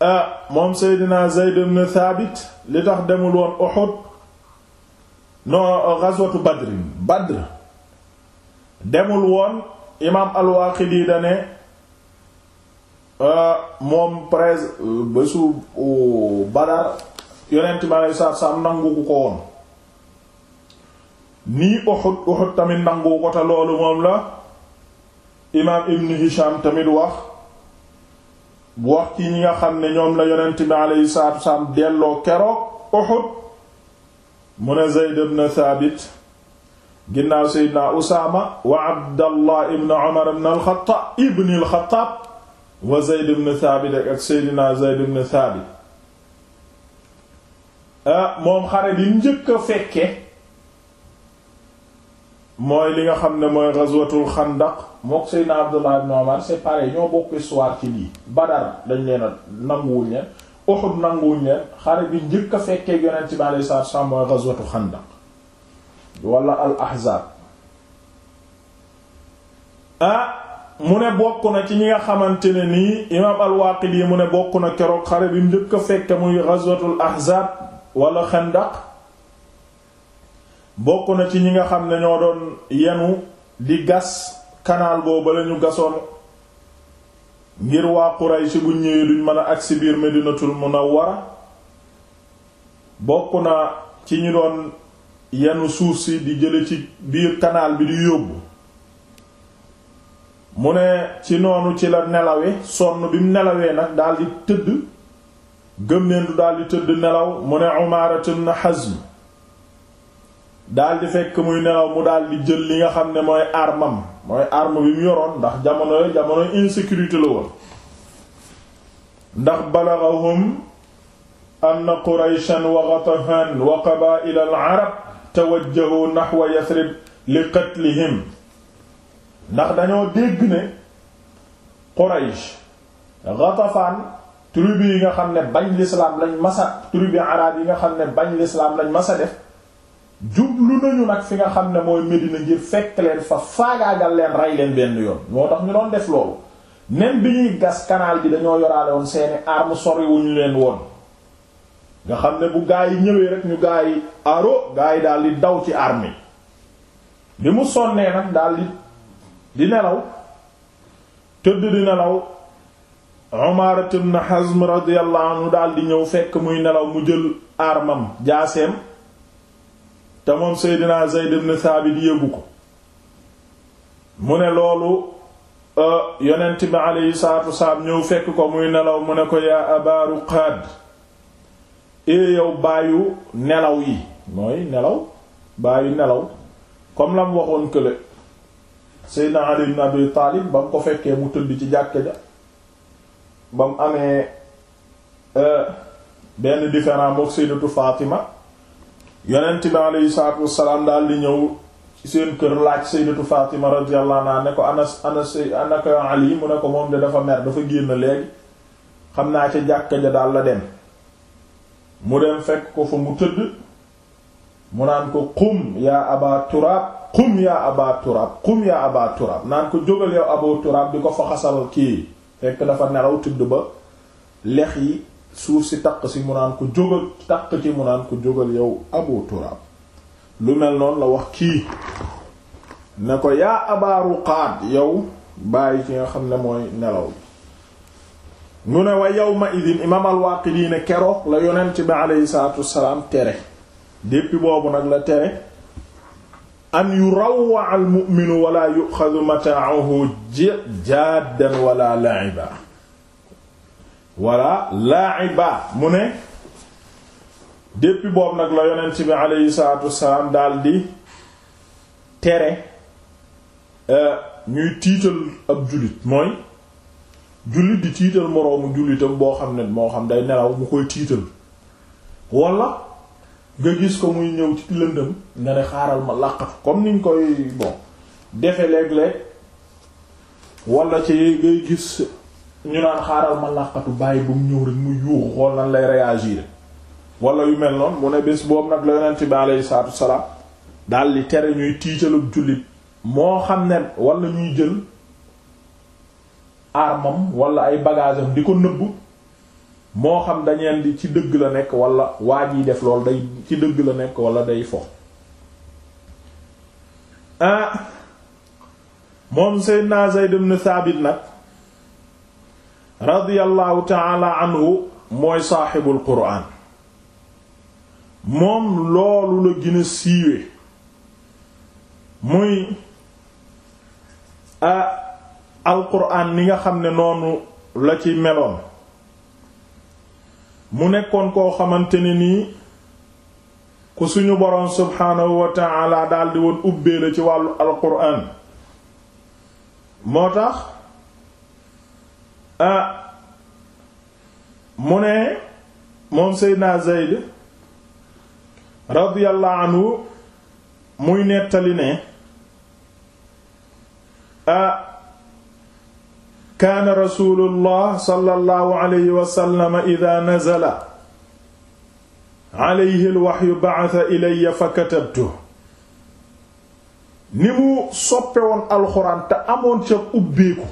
ah, moom Seydina Zayd ibn Thabit li tax demul woon Uhud no ghazwatu Badr Badr demul woon imaam al-Waaqidi da Euh, moom presse euh, bésu euh, Badar yonent bi aleyhi salaatu nangu ko woon nii Uhud Uhud tamit nangu ko te loolu moom la imaam Ibn Hisham tamit wax wax ci ñi nga xam ne ñoom la yonent bi aleyhi salaatu salaam delloo keroog Uhud mu ne Zayd ibn Thabit ginnaaw Seydina Usaama wa Abdallah ibn Umar ibn al ibn al wa Zayd ibn Thabit ak Seydina Zayd ibn Thabit ah, moom xare bi njëkk a fekke mooy li nga xam ne mooy ghazwatul xandaq mook Seydina Abdullah ibn Umar c'est pareil ñoo bokk histoire ci lii Badar dañ leen a nanguwuñ leen Uhud nanguwuñ leen xare bi njëkk a fekkee yonent bi alayhi salaatu wassalaam mooy ghazwatul xandaq wala al ahzab ah, mu ne bokk na ci ñi nga xamante ne nii imaam al-Waaqidi mu ne bokk na keroog xare bi njëkk a fekke muy ghazwatul ahzaab wala xandaq bokk na ci ñi nga xam ne ñoo doon yenu di gas kanaal boobu la ñu gasoon ngir waa Quraysh bu ñëwee duñ mën a agsi biir Madinatul Munawwara bokk na ci ñu doon yenu suuf si di jële ci biir kanaal bi di yóbbu mu ne ci noonu ci la nelawe sonn bi nelawee nag daldi tëdd gëm ne du daldi tëdd nelaw mu ne Umaara na Hazm daldi fekk muy nelaw mu daldi jël li nga xam ne mooy armam mooy arme bi mu yoroon ndax jamono jamono insécurité la woon ndax balaghahum anna Qurayshan wa Ghatafan wa qabaa'il al-arab tawajjahu nahwa Yathrib li qatlihim ndax dañoo dégg ne Quraysh Ghatafan tribu yi nga xam ne bañ l'islam lañu masa tribu arab yi nga xam ne bañ l'islam lañ masa def jublu nañu nag fi nga xam ne mooy Medina ngir fekk leen fa faagaagal leen rey leen benn yoon moo tax ñu doon def loolu même bi ñuy gas kanaal bi dañoo yoraale woon seeni arme sori wuñu leen woon nga xam ne bu gaa yi ñëwee rek ñu gaa yi aro gaa yi daal daw ci arme bi mu sonnee nag daal di nelaw tëdd di nelaw Umar ibn Hazm radiyallahu anhu ñëw fekk muy nelaw mu jël armam jaaseem te moom Seydina Zayd ibn Thabit yëgu ko mu ne loolu euh, yonent bi aleyhi salaatu wasalaam ñëw fekk ko muy nelaw mu ne ko yaa abaaru qaad ee eh, yow bàyyu nelaw yi mooy nelaw bàyyu nelaw comme lam waxoon kële Seydina Ali ibn Abi Taalib ba mu ko fekkee mu tëdd ci jàkk ja ba mu amee euh, benn différent mook Sayyidatu Fatima yonent bi alayhi salaatu wassalaam daal di ñëw seen kër laaj Sayyidatu Fatima radiyallahu anha ne ko anas anas anaka Ali mu ne ko moom de dafa mer dafa génn léegi xam naa ca jàkka ja daal la dem mu dem fekk ko fa mu tëdd mu naan ko qum yaa Aba Turaab qum yaa aba turab qum yaa aba naan ko jógal yow abu turab di ko fa xasal kii fekk dafa nelaw tëdd ba lex yi suuf si taq si mu naan ko jógal taq ci mu naan ko jógal yow abu turab lu mel noonu la wax kii ne ko yaa aba ruqaad yow bàyyi ci nga xam ne mooy nelaw mu ne yow yawma idin imaam al-Waaqidi ne keroog la yonent bi aleyhi salaatu wassalaam tere depuis boobu nag la tere an yurawwa al mu'minu wala yu'khadhu mata'uhu jaddan wala la'iba wala la'iba mu ne depuis boobu nag la yonent bi aleyhi salaatu wassalaam daldi tere euh, ñuy tiital ab jullit mooy jullit di tiital moroomu jullitam boo xam ne moo xam day nelaw mu koy tiital wala nga gis ko muy ñëw ci lëndëm nga ne xaaral ma làqatu comme niñ koy bon defe léeg-léeg ci ngay gis ñu naan xaaral ma làqatu bàyyi bu mu ñëw rek mu yuuxu xool nan lay réagir walla yu mel noonu mu ne bés boobu nag la yonent bi aleyhi salaatu salaam daal di tere ñuy tiitalub jullit moo xam ne wala ñuy jël armam wala ay bagages di ko nëbbu. moo xam dañeen di ci dëgg la nekk wala waa jiy def loolu day ci dëgg la nekk wala day fo a ah, moom Seydina Zayd ibn Thabit nag radiyallahu ta'ala anhu mooy saaxibul quraan moom loolu la gën a siiwe muy ah al quraan ni nga xam ne noonu la ci meloon mu nekkoon koo xamante ni nii ku suñu boroom subhaanahu wa daldi woon ubbee la ci wàllu alquran moo tax ah mu ne moom Seydina Zayd radiyallahu anhu muy nettali ne ah kaana rasulullah sallallahu alayhi wa sallam idaa nazala alayhi yu ba'atha ilayya fa katabtu ni mu soppe alxuraan te amoon ca ubbeeku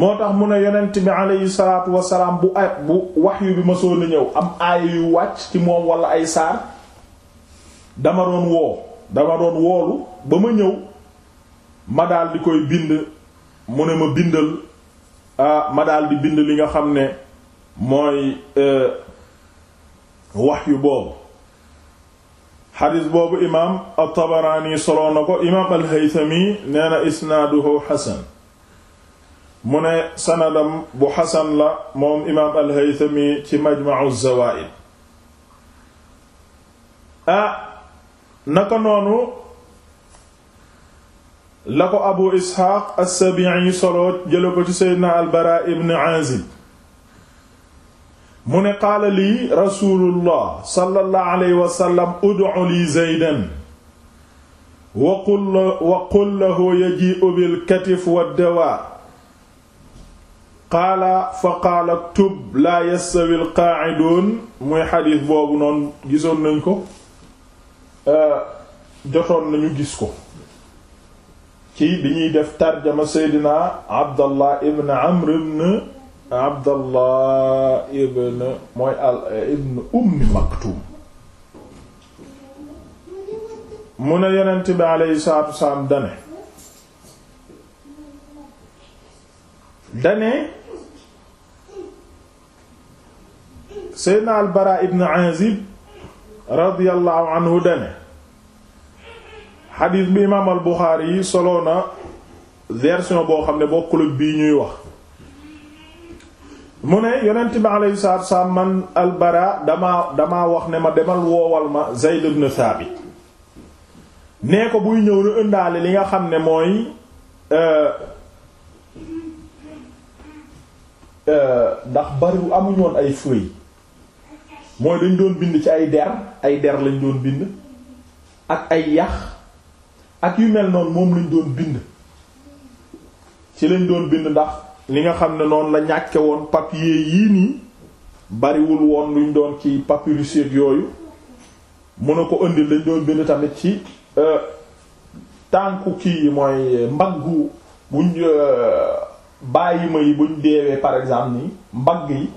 moo tax mu ne yonent bi alayhi salaatu wasalaam bu ay bu wahyu bi ma soon a ñëw am aaya yu wàcc ci moom wala ay saar dama doon woo dama doon woolu ba ma ñëw ma daal di koy bind mu ne ma bindal ah ma daal di bind li nga xam ne mooy e, waxyu boobu xadis boobu imaam at-Tabaraani soloo ko imaam al-Haythami nee isnaaduhu xasan mu ne sanadam bu xasan la moom imaam al-Haythami ci Majma'u Zawaa'id ah naka noonu la ko abu isxaaq as-sabi'i solo jële ko ci seydina albara ibn azib mu ne qaala lii rasulullah sallallahu alayhi wa sallam ud'u li zaydan wa qul wa qul lahu yaji'u bil katif wad-dawa qaala fa qaala tub laa yastawi alqaaciduun muy xadiis boobu noonu gisoon nañ ko euh, jotoon nañu gis ko ci bi ñuy def tarjama seydina abdallah ibn amr ibn abdallah ibn mooy al ibn ummi maktum mu ne yonent bi aleyhi salaatu wasalaam dane dane seydina al bara ibn azib radiyallahu dane xadiis bi imaam al Buxaari yi solo na version boo xam ne bokkul ak bii ñuy wax mu ne yonent bi alayhi salaatu wassalaam man al damaa damaa wax ne ma demal woowal ma Zayd ibn Thabit nee ko buy ñëw na ëndaale li nga xam ne mooy euh, euh, ndax bariwu amuñu woon ay feuilles mooy dañ doon bind ci ay der ay der lañ doon bind ak ay yax ak yu mel noonu moom lañ doon bind ci lañ doon bind ndax li nga xam ne noonu la ñàkke woon papier yii nii bariwul woon luñ doon ci papyrus yooyu mën na ko indi lañ doon bind tamit ci euh, tànku kii yi mooy mbaggu buñ euh, bàyyi ma yi buñ deewee par exemple nii mbagg yi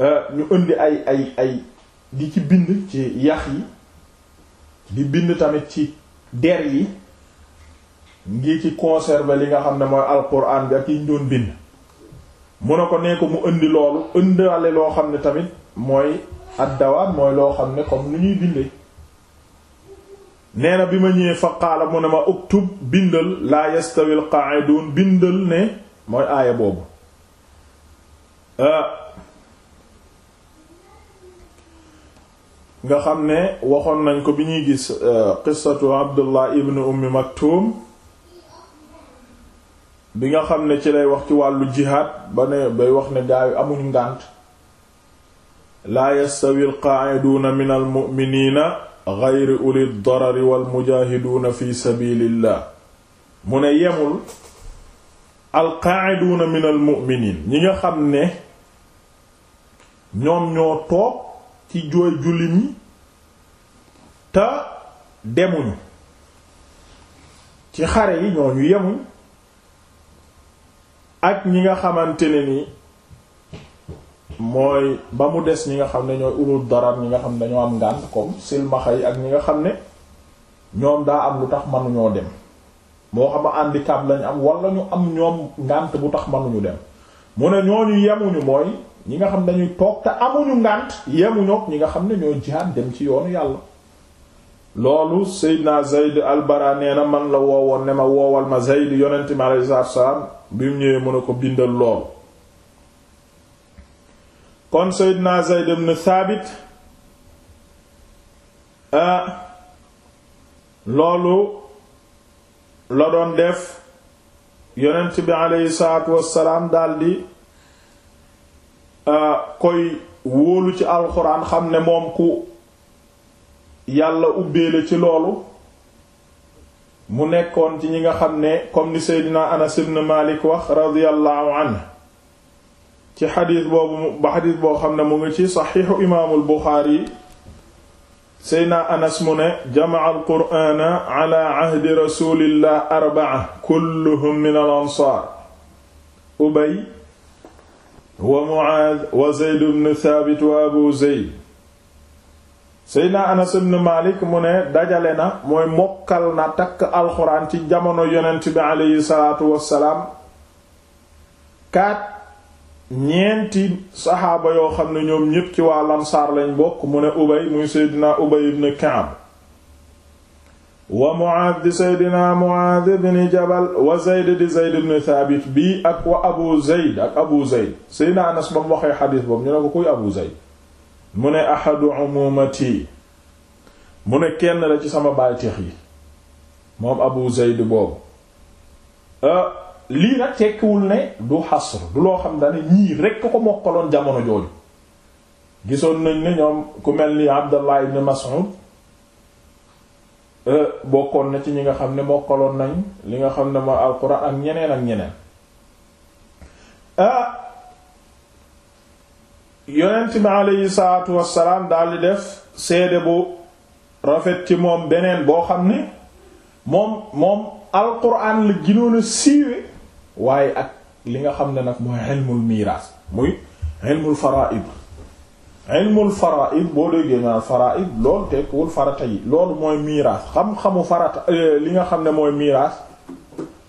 euh, ñu ëndi ay ay ay di ci bind ci yax yi di bind tamit ci der yi ngi ci conserver li nga xam ne mooy alquran bi ak yi ñu doon bind mu ne ko nee ko mu indi loolu ëndaale loo xam ne tamit mooy addawaat mooy loo xam ne comme lu ñuy bindee nee bi ma ñëwee fa qaala mu ne ma uktub bindal laa yastawil qa'idun bindal ne mooy aaya boobu euh, nga xam ne waxoon nañ ko bi ñuy gis euh, qissatu abdullah ibn ummi maktum bi nga xam ne ci lay wax ci wàllu jihaad ba ne bay wax ne gaayu amuñu ngànt laa yastawi alqaaciduuna min almuminina geyri uli darari walmujaahiduuna fi sabilillah mu ne yemul alqaaciduuna min almuminin ñi nga xam ne ñoom ñoo toog ci jooy jullit ñi te demuñu ci xare yi ñoo ñooñu yemuñ ak ñi nga xamante ne ni mooy ba mu des ñi nga xam ne ñooy ulul darar ñi nga xam ne dañoo am ngànt comme silmaxa yi ak ñi nga xam ne ñoom daa am lu tax manuñoo dem moo xam a handicap lañ am wala ñu am ñoom ngànt bu tax manuñu dem mu ne ñooñu yemuñu mooy ñi nga xam dañuy toog te amuñu ngànt yemuñu ñi nga xam ne ñoo jihaad dem ci yoonu yàlla loolu Seydina Zayd al-Bara nee na man la woowoon ne ma woowal ma Zayd yonent mi alayhi ko bindal loolu kon Seydina Zayd ibn Thabit ah loolu la doon def yonent bi alayhi salaatu wassalaam daldi Euh, koy wóolu ci alxuraan xam ne moom ku yàlla ubbeele ci loolu mu nekkoon ci ñi nga xam ne comme ni seydina anas ibn malik wax radiyallahu anhu ci xadiis boobu ba xadiis boo xam ne mu ngi ci saxiixu imaamul buxaari seydina anas mu ne jamaa alqur'aana ala ahdi rasulillah arbaa kulluhum min al ubay wa Muaaz wa Zayd ibn Thaabit wa Abu Zayd Seydina Anas ibn Malik mu ne dajale na mooy mokkal na takk alxuraan ci jamono yonent bi aleyhi salaatu wassalaam kaat ñeenti saxaaba yoo xam ne ñoom ñépp ci waa Ansaar lañ bokk mu ne Ubay muy Seydina Ubay ibn Ka'b wa Muaad di Seydina Muaad ibn Jabal wa Zayd di Zayd ibn Thabit bii ak wa Abu Zayd ak Abu Zayd Seydina Anas ba mu waxee xadiis boobu ñu ne ko kuy Abu Zayd mu ne ahadu umumati mu ne kenn la ci sama bàyteex yi moom Abu Zayd boobu euh, lii nag tekkiwul ne du xasr du loo xam dane ñii rekk ko mokkaloon jamono jooju gisoon nañ ne ñoom ku mel ni Abdallah ibn Mas'ud Euh, bokkoon na ci ñi nga xam ne mokkaloon nañ li nga xam ne mooy alquran ak ñeneen ak ñeneen ah yonent bi aleyhi salaatu wassalaam daal di def seede bu rafet ci moom beneen boo xam ne moom moom alquran la ginoon a siiwe waaye ak li nga xam ne nag mooy ilmul miiraas muy ilmul faraa'id ilmul faraid boo déggee naan faraid loolu tekkiwul farata yi loolu mooy miraas xam-xamu farata euh, li nga xam ne mooy miraas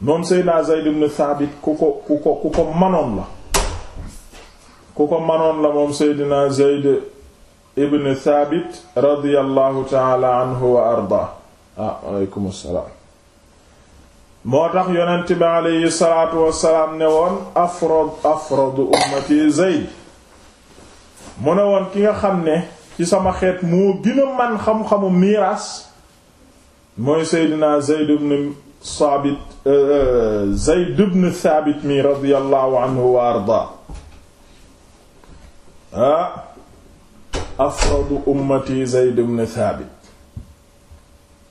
moom Seydina Zayd ibn Thabit ku ko ku ko ku ko manoon la ku ko manoon la moom Seydina Zayd ibn Thabit radiyallahu taala anhu wa arda ah aleykum salaam moo tax yonent bi aleyhi salaatu wassalaam ne woon afrad afradu ummati Zayd mu ne woon ki nga xam ne ci sama xeet moo gën a man xam-xamu miiraas mooy Seydina Zayd ibn Saabit euh, euh, Zayd ibn Saabit mi radiyallahu anhu wa ardaa ah afradu ummati Zayd ibn Saabit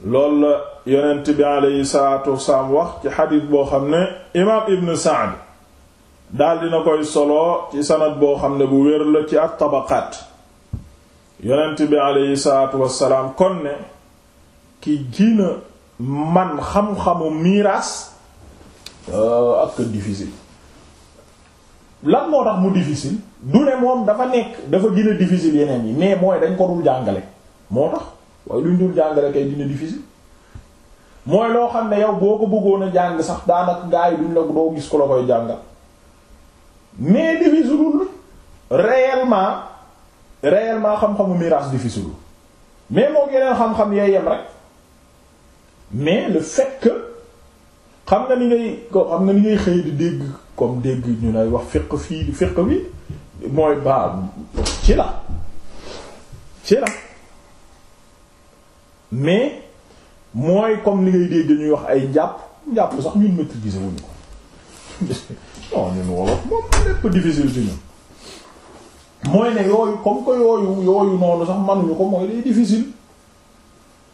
loolu la bi aleyhi salaatu wasalaam wax ci xadiis boo xam ne imaam Ibn Sa'd daal dina koy solo ci sanad boo xam ne bu wér la ci ak tabaqaat yonent bi aleyhi salaatu wassalaam kon ne ki gina man xam-xamu miraas euh, ak difficile lan moo tax mu difficile du ne moom dafa nekk dafa gën a difficile yeneen yi mais mooy dañ ko dul jàngale moo tax waaye luñ dul jàngale kay dina difficile mooy loo xam ne yow boo ko bëggoon a jàng sax daanaka gaa duñ la doo gis ko la koy jàngal mais difficile réellement réellement xam-xamu miraas difficile mais moo yeneen xam-xam yee yem rek mais le fait xam nga ni ngay ko xam nga ni ngay xëy di dégg comme dégg ñu lay wax fiq fii di fiq bi mooy baa ci la ci la mais mooy comme li ngay dégg ñuy wax ay njàpp njàpp sax ñun maîtriser wuñu ko non ñun wolof moom lépp difficile ci ñun mooy ne yooyu comme que yooyu yooyu noonu sax mënuñu ko mooy day difficile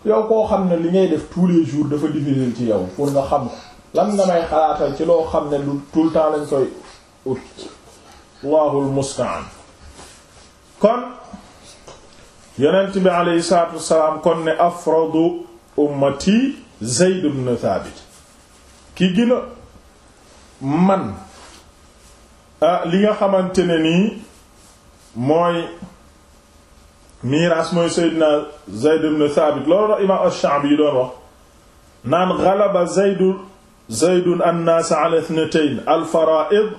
yow koo xam ne li ngay def tous les jours dafa difficile ci yow pour nga xam lan nga may xalaatal ci loo xam ne lu tout le temps lañ koy ut allahul mustaan kon yonent bi aleyhi salaatu wassalaam kon ne afradu ummati Zayd ibn Thabit ki gën a man Ah, li nga xamante ne nii mooy miiraas mooy Seydina Zayd ibn Thabit loolu la imaam ash-Sha'bi yi doon wax naan ghalaba Zaydun Zaydun an-naas ala ithnatayn al-faraa'id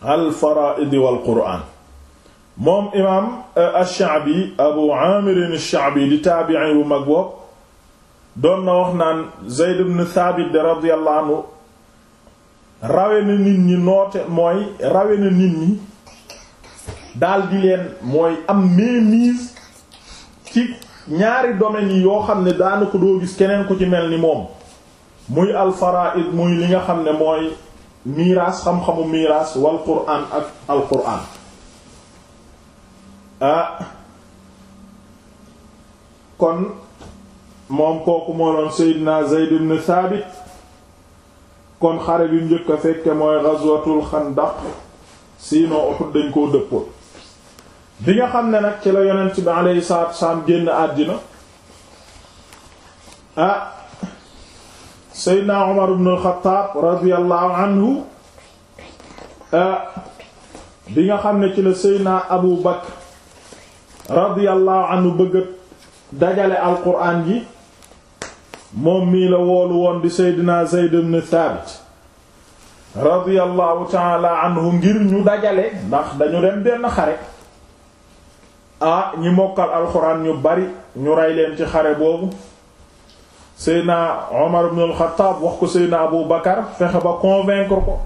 al-faraa'id wal-Qur'aan moom imaam eh, ash-Sha'bi Abu Aamir ash-Sha'bi di taabi'i bu mag boobu doon na wax naan Zayd ibn Thabit de radiyallahu anhu rawe na nit ñi noote mooy rawe na nit ñi daal di leen mooy am mainmise ci ñaari domaines yi yoo xam ne daanaka doo gis keneen ku ci mel ni moom muy alfaraid muy li nga xam ne mooy miraas xam-xamu miraas wal quraan ak al quraan ah, kon moom kooku moo doon Seydina Zayd ibn Thabit kon xare bi njëkk a fekke mooy ghazwatul xandaq sinon Uhud dañ koo dëppoon bi nga xam ne nag ci la yonent bi alayhi salaatu wasalaam génn àddina ah Seydina Umar ibn al radiyallahu anhu bi nga xam ne ci la Seydina Abu Bakr radiyallahu anhu bëgg dajale alquran ji moom mii la woolu woon di seydina Zayd ibn Thabit radiyallahu taala ngir ñu dajale ndax dañu dem benn xare ah ñi mokkal alxuraan ñu bari ñu rey leen ci xare boobu seydina Omar ibn al wax ko seydina Abu Bakar fexe ba convaincre ko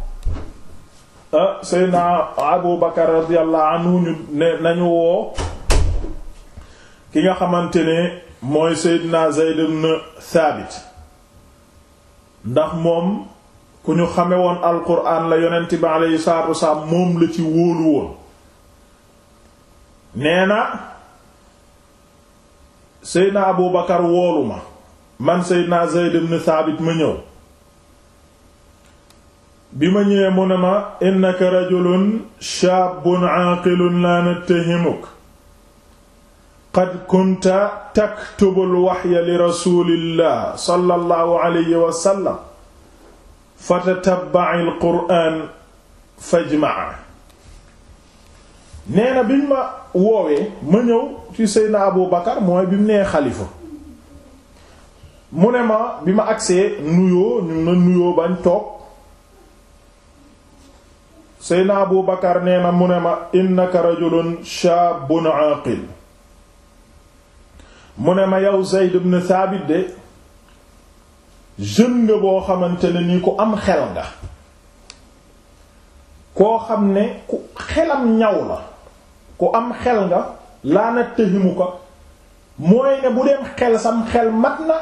ah seydina Abu Bakar radiyallahu anhu ne nañu woo ki nga xamante ne mooy Seydina Zayd ibn Thabit ndax moom ku ñu xame woon alquran la yonent bi aleyhi salaatu wasalaam moom la ci wóolu woon nee na Seydina Abu Bakar woolu ma man Seydina Zayd ibn Thabit ma ñëw bi ma ñëwee mu ne ma innaka rajulun shaabun aaqilun la nattahimuk qad kunta taktubul waxya li rasulillah sallallahu alayhi wa sallam fatatabbaci alqur'aan fajmaca nee na biñ ma woowee ma ñëw ci seydna abu bakar mooy bi mu nee xalifa mu ne ma bi ma agsee nuyoo ñu na nuyoo bañ toog seydna abu bakar nee na mu ne ma innaka rajulun shaabun aaqil mu ne ma yow Zayd ibn Thabit de jeune nga boo xamante ne nii ku am xel nga koo xam ne ku xelam ñaw la ku am xel nga laa na tëhimu ko mooy ne bu dem xel sam xel mat na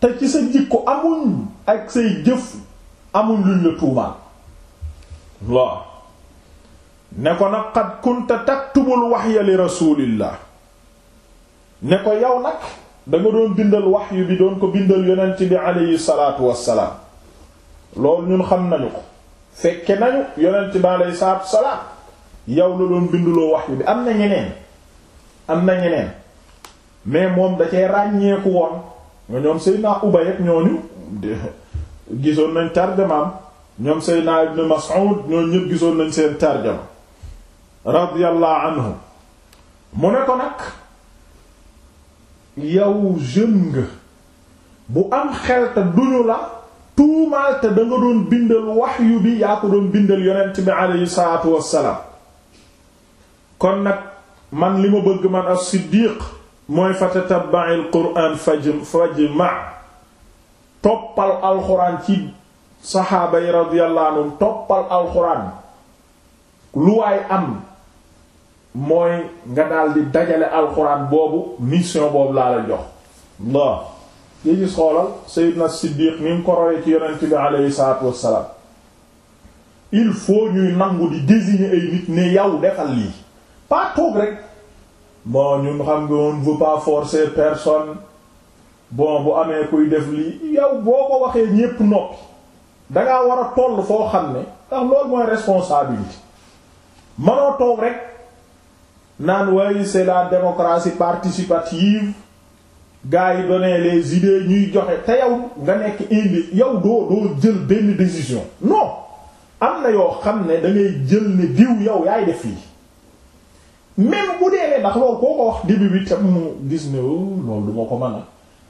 te ci sa jikko amuñ ak say jëf amuñ luñ la tuumaal waaw ne ko nag qad kunta wax wahya li rasulillah ne ko yow nag da nga doon bindal wahyu bi doon ko bindal yonent bi aleyhi salaatu wassalaam loolu ñun xam nañu ko fekke nañu yonent bi aleyhi salaatu wassalaam yow la doon binduloo wahyu bi am na ñeneen am na ñeneen mais moom da cee ràññeeku woon nga ñoom Seydina Ubay ak ñooñu gisoon nañ tarjamaam ñoom Seydina Ibn Mas'ud ñooñu ñëpp gisoon nañ seen tarjama radiyallahu anhu mu ne ko nag yow jeune nga bu am xel te duñu la tuumaal te da nga doon bindal wahyu bi yaa ko doon bindal yonent bi aleyhi salaatu wassalaam kon nag man li ma bëgg man as-Siddiq mooy fa tataba'il qur'aan fajm fajma toppal alxuraan ci saxaaba yi radiyallahu toppal alxuraan lu waay am mooy nga daal di dajale alxuraan boobu mission boobu laa la jox laa li gis xoolal Seydina Siddiq ni mu ko royee ci yonent bi aleyhi salaatu wassalaam il faut ñuy nangu di désigner ay nit ne yow defal lii pas toog rek bon ñun xam nga on veut pas forcer personne bon bu amee kuy def lii yow boo ko waxee ñépp noppi dangaa war a toll foo xam ne ndax loolu mooy responsabilité manoo toog rek naan waaye c'est la démocratie participative gars yi donné les ñuy joxe te yow nga nekk indi yow doo doo jël benn décision non am na yoo xam ne da jël ne diw yow yaay def lii même bu dee ndax loolu koo ko wax début bi tam mu gis ne oh, loolu duma ko mën a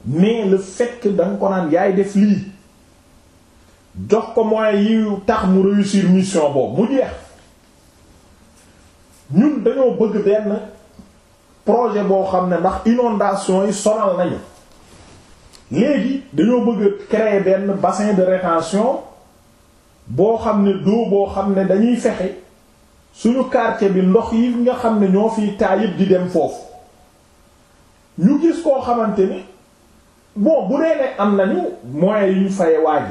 mais le fait que da nga ko naan yaay def lii jox ko moyens yi tax mu réussir mission boobu mu jeex. ñun dañoo bëgg benn projet boo xam ne ndax inondation yi sonal nañu léegi dañoo bëgg créer benn bassin de rétention boo xam ne doo boo xam ne dañuy fexe suñu quartier bi ndox yi nga xam ne ñoo fi taa di dem foofu ñu gis koo xamante ni bon bu dee ne am nañu moyens yu ñu faye waaj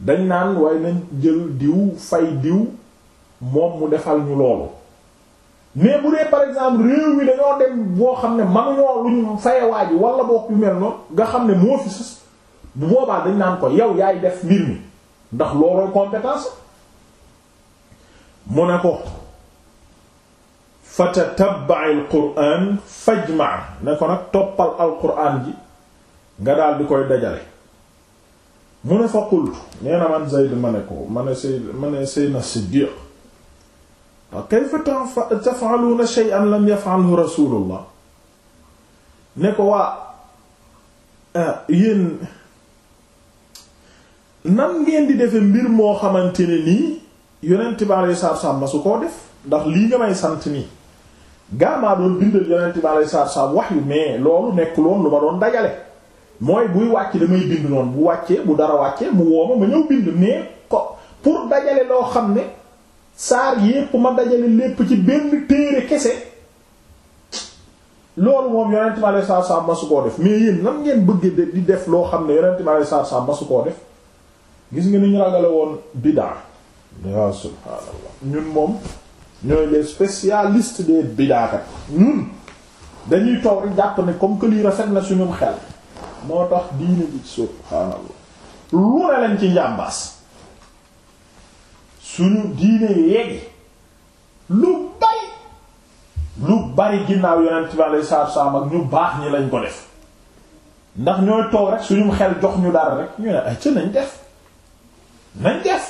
dañ naan waaye nañ jël diw fay diw moom mu defal ñu loolu mais bu dee par exemple réew mi dañoo dem boo xam ne manuñoo luñ fayewaaji wala bokk yu noonu nga xam ne moo fi sus bu boobaa dañ naan ko yow yaay def mbir mi ndax loolooy compétence mu ne ko fatatabbail quran fajmaa ne ko nag toppal al quran ji nga daal di koy dajale mu ne fa qultu nee na man Zayd ma ne ko ma ne Sayyid ma ne Sayyidna Siddiq wa kayfa taf'aluuna shay'an lam yaf'alhu rasulullah ne ko waa ah, yéen nan ngeen di defe mbir moo xamante ne nii yonent bi alayhi salaatu salaam ma su koo def ndax lii nga may sant nii gaa maa doon bindal yonent bi alayhi salaatu salaam wax yu mais loolu nekk loon lu ma doon dajale mooy buy wàcc damay bind noonu bu wàccee bu dara wàccee mu woo ma ma ñëw bind mais ko pour dajale loo xam ne saar yépp ma dajale lépp ci benn téere kese loolu moom yonent mi alayhi salaatu salaam masu koo def mais yéen nan ngeen bëgg di def loo xam ne yonent mi alayhi salaatu salaam masu koo def gis nga ni ñu ragale woon bidaa yaa subhaanallah ñun moom ñooy les spécialistes des bidaakat ñun dañuy toog rek jàpp ne comme que lii rafet na suñu xel moo tax diine ji subhaanallah lu ne lañ ci njàmbaas suñu diine yeegi lu bari lu bari ginnaaw yonent bi alayhi salaatu salaam ak ñu baax ñi lañ ko def ndax ñooy toog rek suñu xel jox ñu dara rek ñu ne ay ca nañ def nañ def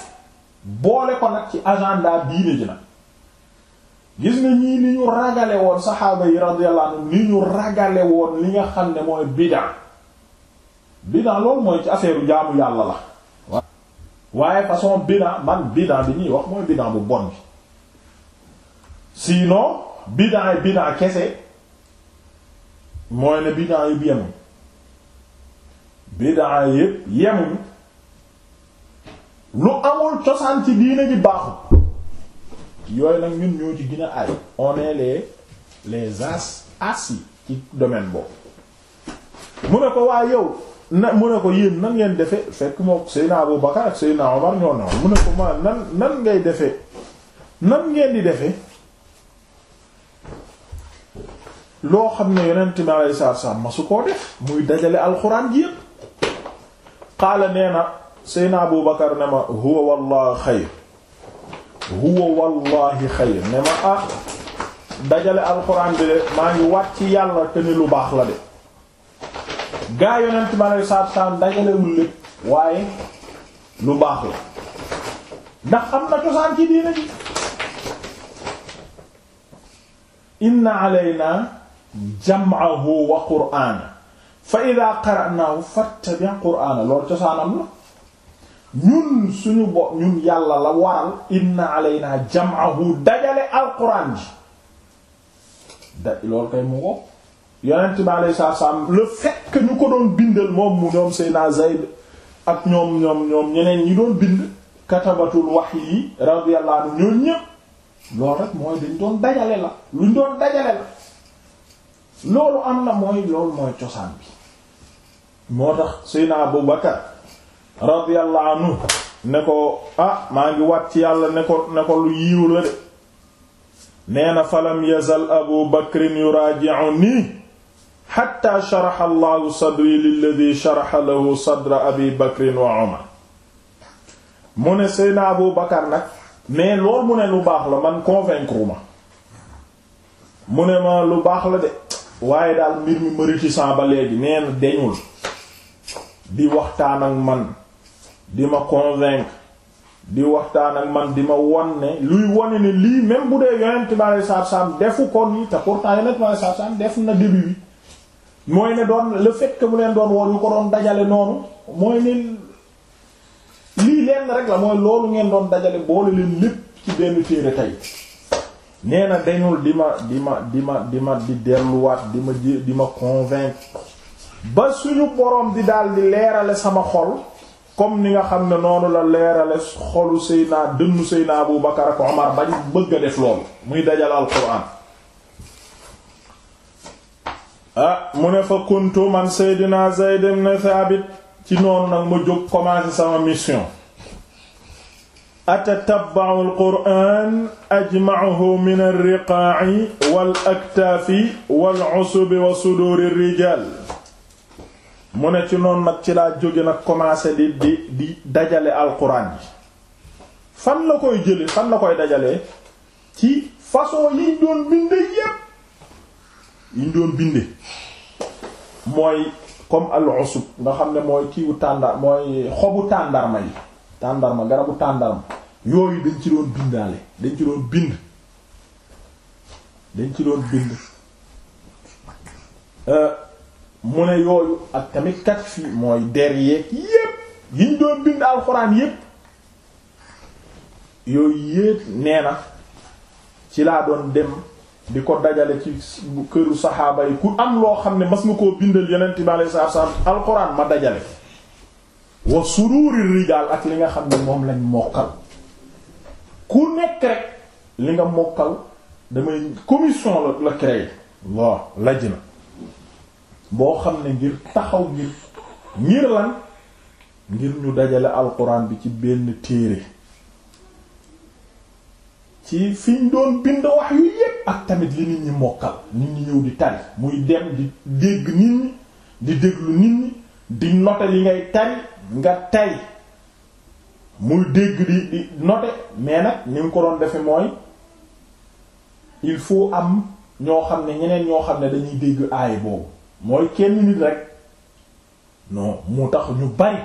boole ko nag ci agenda diine ji nag gis nga ñii li ñu ragale woon saxaaba yi radiyallahu anhum li ñu ragale woon li nga xam ne mooy bid'a bid'a loolu mooy ci affaire jaamu yàlla la waaye façon bidaa man bidaa bi ñuy wax mooy bidaa bu bon bi sinon bidaa yi bidaa kese mooy ne bidaa yëpp yemuñ bidaa yëpp yemuñ lu amul cosaan ci diine ji baaxul yooyu nag ñun ñoo ci gën ay on les les as assis ci domaine boobu mu ne ko waa yow na mu ne ko yéen nan ngeen defe fekk moo Seydina Abu Bakar ak Seydina Omar ñoo naw mu ne ko ma nan nan ngay defe nan ngeen di defe loo xam ne yonent mi alayhi salaatu salaam ma su koo def muy dajale alxuraan ji yépp xaala nee na Seydina Abu Bakar ne ma huwa wallahi xayr huwa wallahi xayr ne ma ah dajale alxuraan bi de maa ngi wàcc yàlla te ni lu baax la de gaa yonent bi alei salatu salaam dajalewul waaye lu baax la ndax am na cosaan ci diina ji inna alayna jam'ahu wa qur'ana fa ida qara'nahu fattabi' qur'ana loolu cosaanam la ñun suñu bo ñun yàlla la waral inna alayna jam'ahu dajale alquran ji da loolu kay mu ko yonent bi alei salatu le fait ñu ko doon bindal moom mu ñoom Seyna Zayd ak ñoom ñoom ñoom ñeneen ñi doon bind katabatul wahyi yi radiyallahu anhu ñoom ñëpp loolu rek mooy dañ doon dajale la luñ doon dajale la loolu am na mooy loolu mooy cosaan bi moo tax Seyna Abu Bakar radiyallahu anhu ne ko ah maa ngi wat ci yàlla ne ko ne ko lu yiiw la de nee falam yazal Abu Bakrin yuraaji'uni xatta sharaxa allahu sadri lilladi sharaxa lahu sadra abi bakrin wa umar mu ne seyna abu bakar nag mais lool mu ne lu baax la man convaincre ma mu ne ma lu baax la de waaye daal mbir mi méritisant ba léegi nee na deñul di waxtaan ak man di ma convaincre di waxtaan ak man di ma won ne luy wone ne lii même bu dee yonent bi aleyhis salâtou was salâm defu ko nii te pourtant yonent bi aleyhis salâtou was def na début bi mooy ne doon la fekk que mu leen doon woo ñu ko doon dajale noonu mooy ne lii lenn rek la mooy loolu ngeen doon dajale boole leen lépp ci benn téere tey nee na dañul di ma di ma di ma di ma di delluwaat di ma di ma convaincre ba suñu boroom di daal di leerale sama xol comme ni nga xam ne noonu la leerale xolu Seydina dënnu Seydina Abu Bakar ak Omar ba ñu bëgg a def loolu muy dajal al Qur'an ah mu ne fa kuntu man Seydina Zayd ibn Thabit ci noonu nag ma jóg commencé sama mission atatabba'u al-Qur'an ajma'uhu min ar-riqa'i wal aktaafi wal 'usubi wa suduri ar mu ne ci noonu nag ci laa jóge nag commencé di di dajale al-Qur'an ji fan la koy jële fan la koy dajalee ci façon yiñ doon binde yépp yi ñu doon binde mooy comme al nga xam ne mooy kiiwu tàndar mooy xobu tàndarma yi tàndarma garabu tàndarma yooyu dañ ci doon bindaale dañ ci doon bind dañ ci doon bind euh, mu ne yooyu ak tamit kat fii mooy der yeeg yépp yi ñu doon bind alxuraan yépp yooyu yépp nee na ci laa doon dem di ko dajale ci këru saxaaba yi ku am loo xam ne mas nga koo bindal yonent bi alayhi salaatu alxuraan ma dajale wa suruuri rijaal ak li nga xam ne moom lañ mokkal ku nekk rek li nga mokkal damay commission la la créé waaw laj na boo xam ne ngir taxaw ngir ngir lan ngir ñu dajale alxuraan bi ci benn téere ci fiñ doon bind wax yu yépp ak tamit li nit ñi mokkal nit ñi ñëw di tari muy dem di dégg nit ñi di déglu nit ñi di noter li ngay tari nga tari muy dégg di di noter mais nag ni nga ko doon defe mooy il faut am ñoo xam ne ñeneen ñoo xam ne dañuy dégg aay boobu mooy kenn nit rek non mu tax ñu bari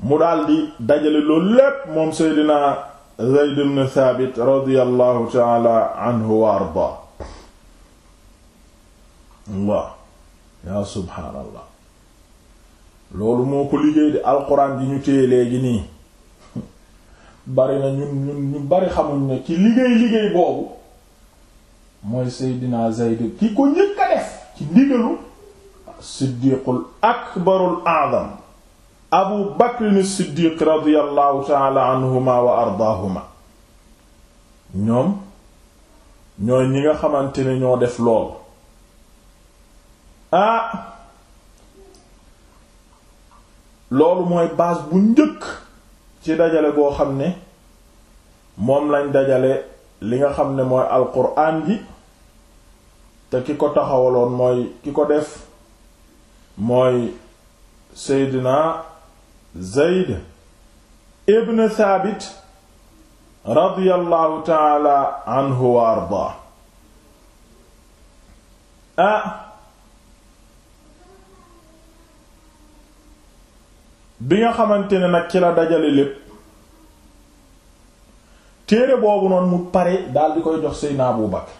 mu di dajale loolu lépp moom Seydina Zayd ibn Thabit radiyallahu ta'ala anhu wa ardaa Allah yaa subhaanallah loolu moo ko liggéey di alquran ji ñu téye léegi nii bari na ñun ñun ñu bari xamuñ ne ci liggéey liggéey boobu mooy Seydina Zayd ki ko njëkk def ci ndigalu Siddiqul Akbarul A'zam abu bakrin siddiq radiallahu taala wa ardaahuma ñoom ñooy ñi nga xamante ne ñoo def lool ah loolu mooy base bu njëkk ci dajale boo xam ne moom lañ dajale li nga xam ne mooy alquran ji te ki ko taxawaloon mooy ki ko def mooy seydina Zayd ibn Thabit radiyallahu taala anhu ardaa ah bi nga xamante ne nag ci la dajale lépp téere boobu noonu mu pare dal di koy jox Seydina Abu Bakar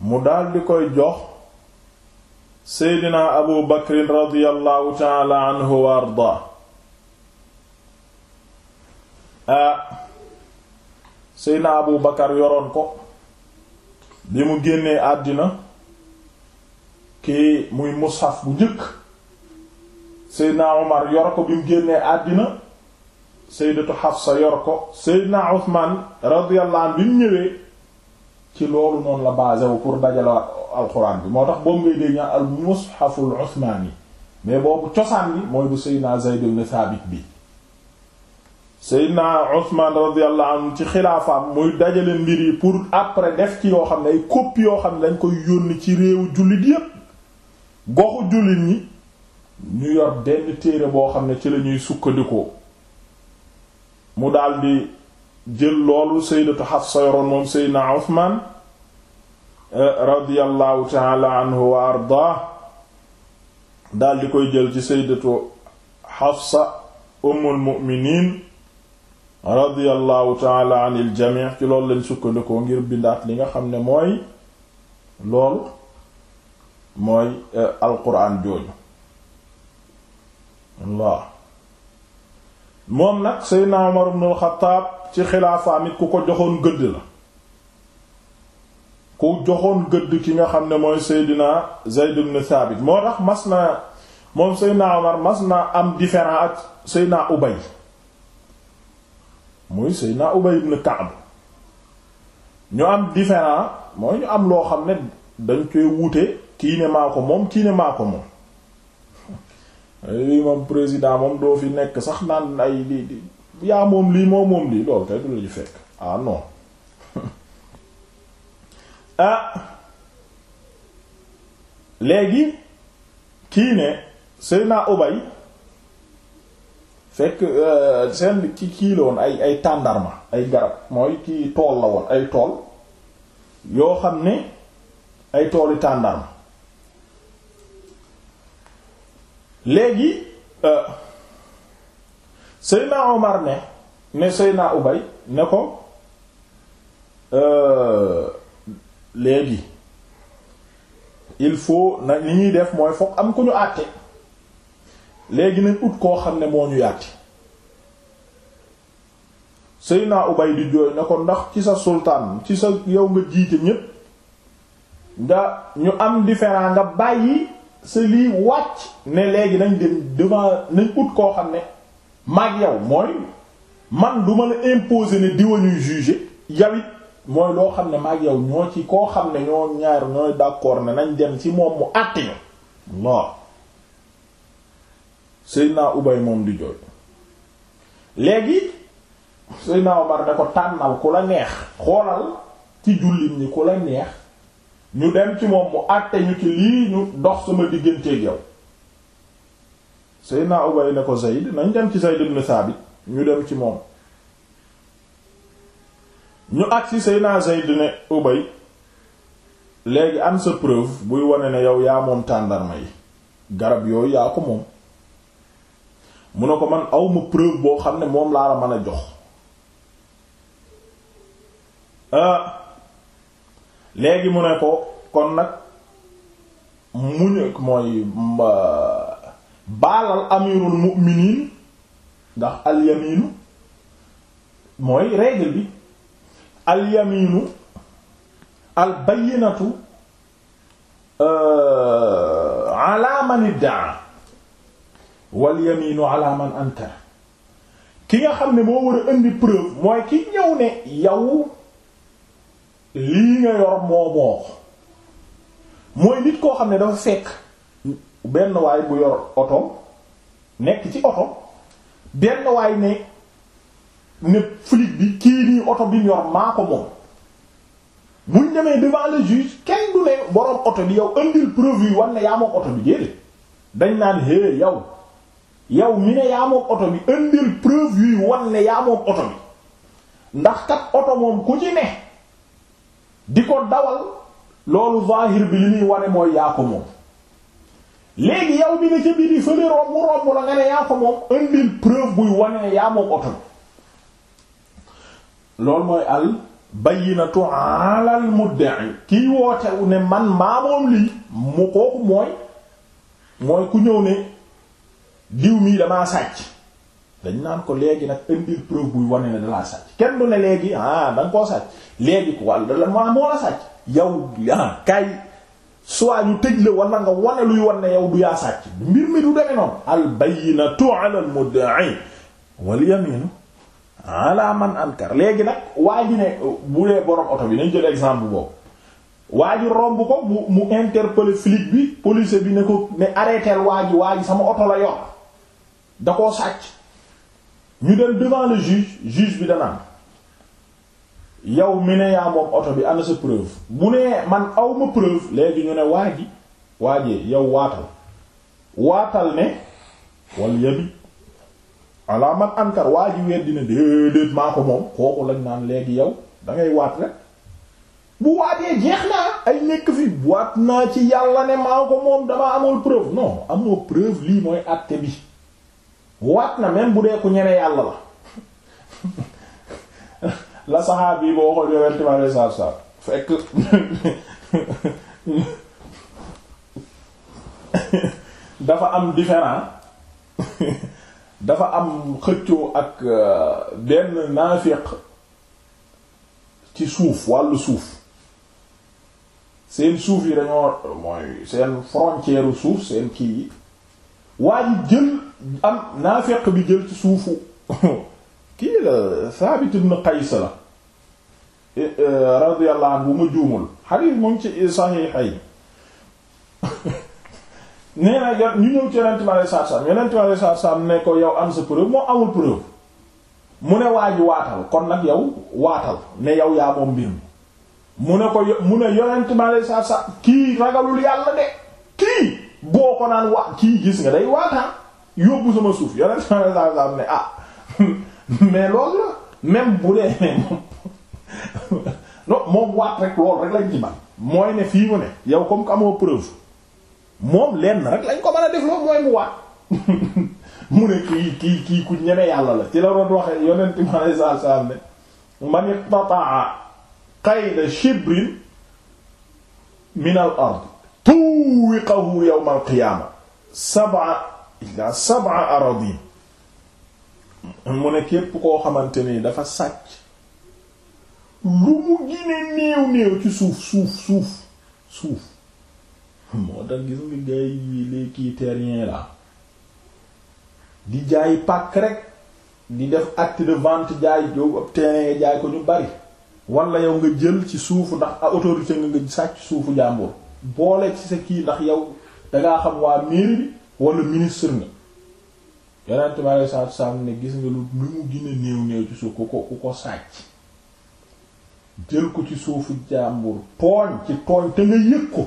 mu dal di koy jox seydina abu bakrin radiallahu taala anhu wa ardaa a seydina abu bakar yoroon ko bi mu génnee àddina kii muy mushaf bu njëkk seydina umar yor ko bi mu génnee àddina seydatu xafsa yor ko seydina uthman radiallahu anhu bi mu ñëwee ci loolu noonu la basé wu pour dajale alquran bi moo tax boobu ngay dégg al mushaful yi mais boobu cosaan bi mooy bu Seydina Zayd ibn Thabit bi Seydina Usmaan radiyallahu anhu ci xilaafaam muy dajale mbir yi pour après def ci yoo xam ne ay copie yoo xam ne dañ koy yónni ci réewu jullit yépp goxu jullit ñi ñu yor benn téere boo xam ne ci la ñuy sukkandikoo mu daldi jël loolu sayyidatu Hafsa yoroon moom sayyidina Uthman eh, radiyallahu taala anhu wa ardaa daal di koy jël ci sayyidatu Hafsa ummul mu'minin radiyallahu taala anil jamii ci loolu lañ sukkandikoo ngir bindaat li nga xam ne mooy loolu mooy eh, alquran jooju moom nag sayyidina Umar ibn al ci xilaafaam it ku ko joxoon gëdd la ku joxoon gëdd ki nga xam ne mooy Seydina Zayd ibn Thabit moo tax mas na moom Seydina Omar mas naa am différent ak Seydina Ubay muy Seydina Ubay ibn mooy ñu am loo xam ne dañ koy wuute kii ne moom kii ne maa ko moom lii moom président moom doo fi nekk sax naan ay di di yaa moom lii moo moom lii loolu kay du la ci fekk ah non ah léegi kii ne Seydina Ubay fekk euh, seen ci kii la woon ay ay tàndarma ay garab mooy kii tool la woon ay tool yoo xam ne ay tooli tàndarma léegi. Euh, Seyna Omar ne ne Seyna Ubay ne ko euh, léegi il faut na li ñuy def mooy foog am ku ñu àtte léegi nañ ut koo xam ne moo ñu sëy na Ubay di jooy ne ko ndax ci sa sultaan ci sa yow nga jiite ñépp nga ñu am différent nga bàyyi sa lii wàcc ne léegi nañ dem devant nañ ut koo xam ne maag yow mooy man du ma la imposer ne diwa ñuy juger yow mooy loo xam ne maag yow ñoo ci koo xam ne ñoo ñaar ñooy d'accord ne nañ dem ci moom mu àtte ñu waaw Seydina Ubay moom di jooy léegi Seydina Omar da ko tànnal ku la neex xoolal ci jullit ñi ku la neex ñu dem ci moom mu àtte ñu ci lii ñu dox sama digganteeg yow Seydina Ubay ne ko Zayd nañ dem ci Zayd ibn Thabit ñu dem ci moom ñu agsi Seydina Zayd ne Ubay léegi am sa preuve buy wone ne yow yaa moom tàndarma yi garab yooyu yaa ko moom mu ne ko man awma preuve boo xam ne moom laa la mën a jox ah, léegi mu ne ko kon nag muñ mooy baalal amirul mu'minin ndax alyaminu mooy règle bi alyaminu albayinatu ala euh, iddaa walyaminu ala man ki nga xam ne moo war a indi preuve mooy ki ñëw ne yow lii nga yor moomoo mooy nit koo xam ne dafa fekk benn waay bu yor oto nekk ci oto benn waay ne ne flic bi kii nii oto bi mu yor maa ko moom buñ demee devant le juge kenn du ne boroom oto bi yow indil preuve yi war na yaa moom oto bi déedéet dañ naan hé yow yow mi ne yaa moom oto bi indil preuve yuy wan ne yaa moom oto bi ndax kat oto moom ku ci ne di ko dawal loolu zahir bi li muy ware mooy yaa ko moom léegi yow bi nga ca biir yi fële romb romb la nga ne yaa ko moom indil preuve buy wane yaa moom oto loolu mooy al bayyinatu ala al mudda'i kiy wootewu ne man maa moom lii mu kooku mooy mooy ku ñëw ne diw mii damaa sàcc dañ naan ko léegi nag indil preuve buy wane ne dalaa sàcc kenn du ne léegi ah da koo sàcc léegi ko wàll da la la sàcc yow ah kay soit ñu tëj la wala nga wane luy wan ne yow du yaa sàcc mbir mi du demee noonu al bayyinatu ala al mudda'i wal yaminu ala man ankar léegi nag waa ji ne bu dee borom oto bi nañ jël exemple boobu waa ji romb ko mu mu interpeller flic bi police bi ne ko ne arrêter waa ji waa sama oto la yor da koo sàcc ñu dem devant le juge juge bi danaan yow mi ne yaa moom oto bi ana sa preuve bu nee man aw ma preuve léegi ñu ne waa ji waajee yow waatal waatal ne wal yabi ala man ankar waa ji weer dina déedéet maa ko moom kooku lañ naan léegi yow da ngay waat rek bu waatee jeex naa ay nekk fi waat naa ci yàlla ne maa ko moom damaa amul preuve non amoo preuve lii mooy àtte bi waat na même bu dee ku ñeme yàlla la la saxaabi boo waxoon yonent bi alayhi salaatu fekk dafa am différent dafa am xëccoo ak euh, benn naafiq ci suuf wàllu suuf seen suuf yi dañoo mooy seen frontière suuf seen kii yi waa ji jël am naafiq bi jël ci suufu kii la Saabit ibn Qays la e, radiyallahu anhu mu ma juumul xadiis moom ci saxiixay nee na jot ñu ñëw ci yonent bi alayhi salaatu salaam yonent bi alayhi ne ko yow am sa preuve moo amul preuve mu ne waa waatal kon nag yow waatal ne yow yaa moom mbir mi mu ne ko mu ne yonent bi alayhi salaatu kii ragalul yàlla de kii boo ko naan waa kii gis nga day waataan yóbbu sama suuf yonent bi alayhi salaatu salaam ne ah mais loolu la même bu dee moom moom waat rek loolu rek lañ ci ban mooy ne fii mu ne yow comme que amoo preuve moom lenn rek lañ ko mën a def loolu mooy mu waat mu ne kii kii ku ñeme yàlla la ci la doon waxee yonent mi alayhi salaatu salaam ne man iqtataa qayda shibrin min al ard tuwiqahu yawm al qiyaama sab'a ila sab'a aradin mu ne képp koo xamante ni dafa sàcc lu mu gine néew néew ci suuf suuf suuf suuf moo tax gis nga gars yi les kii terrien la di jaay pàkk rek di def acte de vente jaay yow ab terrain jaay ko ñu bari wala yow nga jël ci suuf ndax autorité nga nga sàcc suufu jàmbur boole ci sa kii ndax yow dangaa xam waa mairie bi ministre nga yonent bi alei salatu salaam ne gis nga lu lu mu gën néew néew ci suuf ku ko ku ko sàcc jël ko ci suufu jàmbur tooñ ci tooñ te nga yëg ko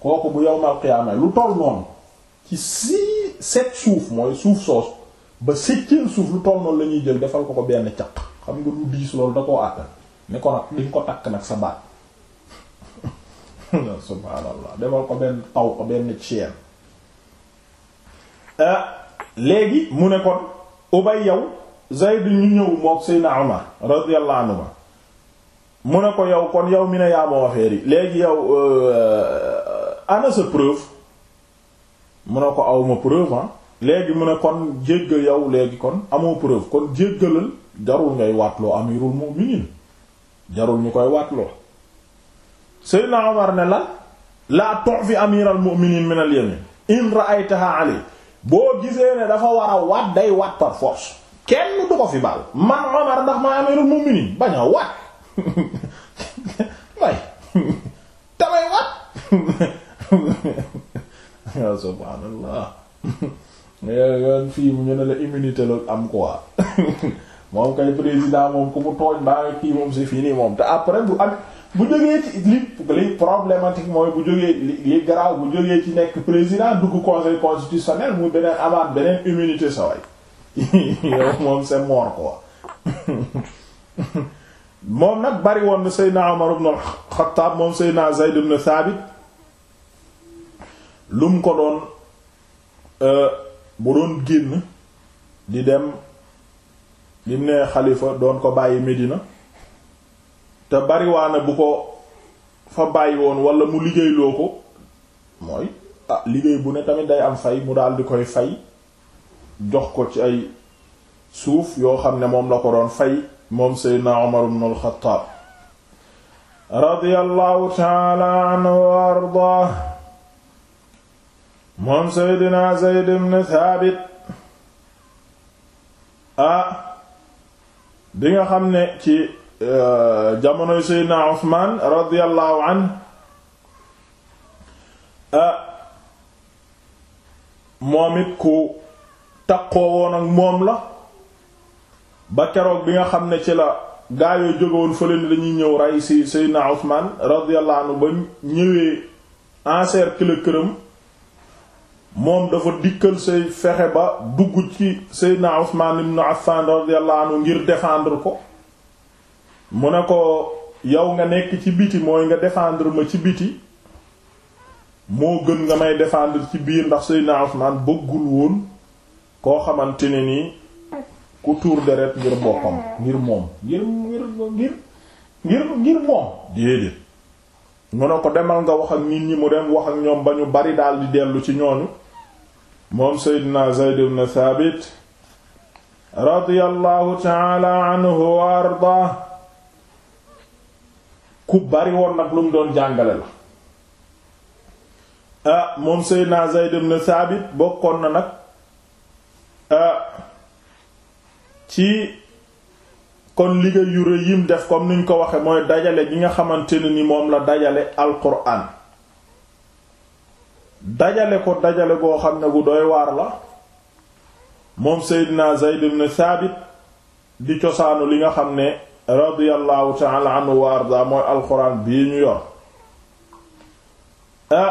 kooku bu yowmal qiyaama lu toll noonu ci si set suuf mooy suuf soos ba septième suuf lu toll noonu la ñuy jël defal ko ko benn caq xam nga lu diis loolu da koo àttan ni ko nag diñ ko takk nag sa baat subhaanallah defal ko benn taw ko benn chaîne ah, léegi mu ne kon ubay yow Zayd ñu ñëw mook Seydina Umar radiyallahu anhu mu ne ko yow kon yow mi ne yaa ma affaire yi léegi yow euh, ana sa preuve mu ne ko awma preuve ah léegi mu ne kon jéggal yow léegi kon amoo preuve kon jéggalal jarul ngay waatloo amirul mu'minin jarul ñu koy waatloo Seydina Umar ne la laa tu'fi amiral mu'minin min al yamin in ra'aytaha alayhi boo gisee ne dafa war a waat day waat par force kenn du ko fi baal man Omar ndax maa amirul mu'minin bañ a waat way damay waat ya subhaanallah yoon fii mu ñu ne la immunité loolu am quoi moom kay président moom ku mu tooñ baa nga kii moom si fii nii moom te après bu am bu jógee ci li li problématique mooy bu jógee li li bu jógee ci nekk président dugg conseil constitutionnel mu beneen amaat beneen immunité sa way yow moom c'est mort quoi moom nag bari woon na Seydina Omar ibn al-Khattab moom Seydina Zayd ibn Thabit lu mu ko doon euh, bu doon génn di dem li mu xalifa doon ko bàyyi Medina te bariwaana bu ko fa bàyyi woon walla mu liggéeyloo ko mooy ah liggéey bu ne tamit day am fay mu daal di koy fay jox ko ci ay suuf yoo xam ne moom la ko doon fay moom Seydina Umar ibn al-Khattab radiyallahu ta'ala ah, bi nga xam ne ci Euh, jamonoy seydna Usmaan radiyallahu anhu euh, moom it ku takkoo woon ak moom la ba keroog bi nga xam ne ci la gaayoo jógewoon fële ni dañuy ñëw rey si seydna Usmaan radiyallahu anhu ba ñëwee encercle këram moom dafa dikkal say fexe ba dugg ci seydna Usmaan ibn Affan radiyallahu anhu ngir défendre ko mu ne ko yow nga nekk ci biti mooy nga défendre ma ci biti moo gën nga may défendre ci biir ndax Seydina Usmaan bëggul woon koo xamante ne nii ku tuur deret ngir boppam ngir moom ngir ngir ngir ngir moom déedéet mu ne ko demal nga wax ak nit ñi mu dem wax ak ñoom ba ñu bari daal di dellu ci ñooñu moom Seydina Zayd Thabit radiyallahu ta'ala anhu wa ku bari woon nag lu doon jàngale la ah moom Seydina Zayd ibn Thabit bokkoon na nag ah ci kon liggéey yu rëy yim def comme niñ ko waxe mooy dajale bi nga xamante ne ni moom la dajale alquran dajale ko dajale goo xam ne gu doy waar la moom Seydina Zayd ibn Thabit di cosaanu li nga xam ne radiyallahu ta'ala anhu wa arda mooy alxuraan bii ñu yor ah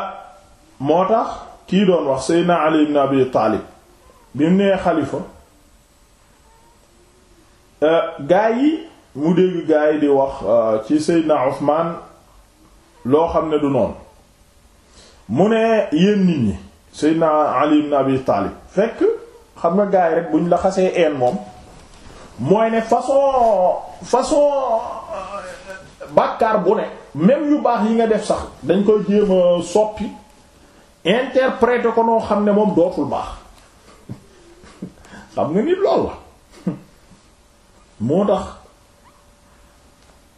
moo tax kii doon wax seydna ali ibn abi taalib bi mu nee xalifa ah, gaa yi mu dégg gaa di wax ah, ci seydna usmaan loo xam ne du noonu mu ne yéen nit ñi seydna ali ibn abi taalib fekk xam nga gaa rek buñ la xasee een moom mooy ne façon façon euh, bàkkaar bu ne même yu baax yi nga def sax dañ koy jéem a soppi interpréter ko noo xam ne moom dootul baax xam nga nit lool la moo tax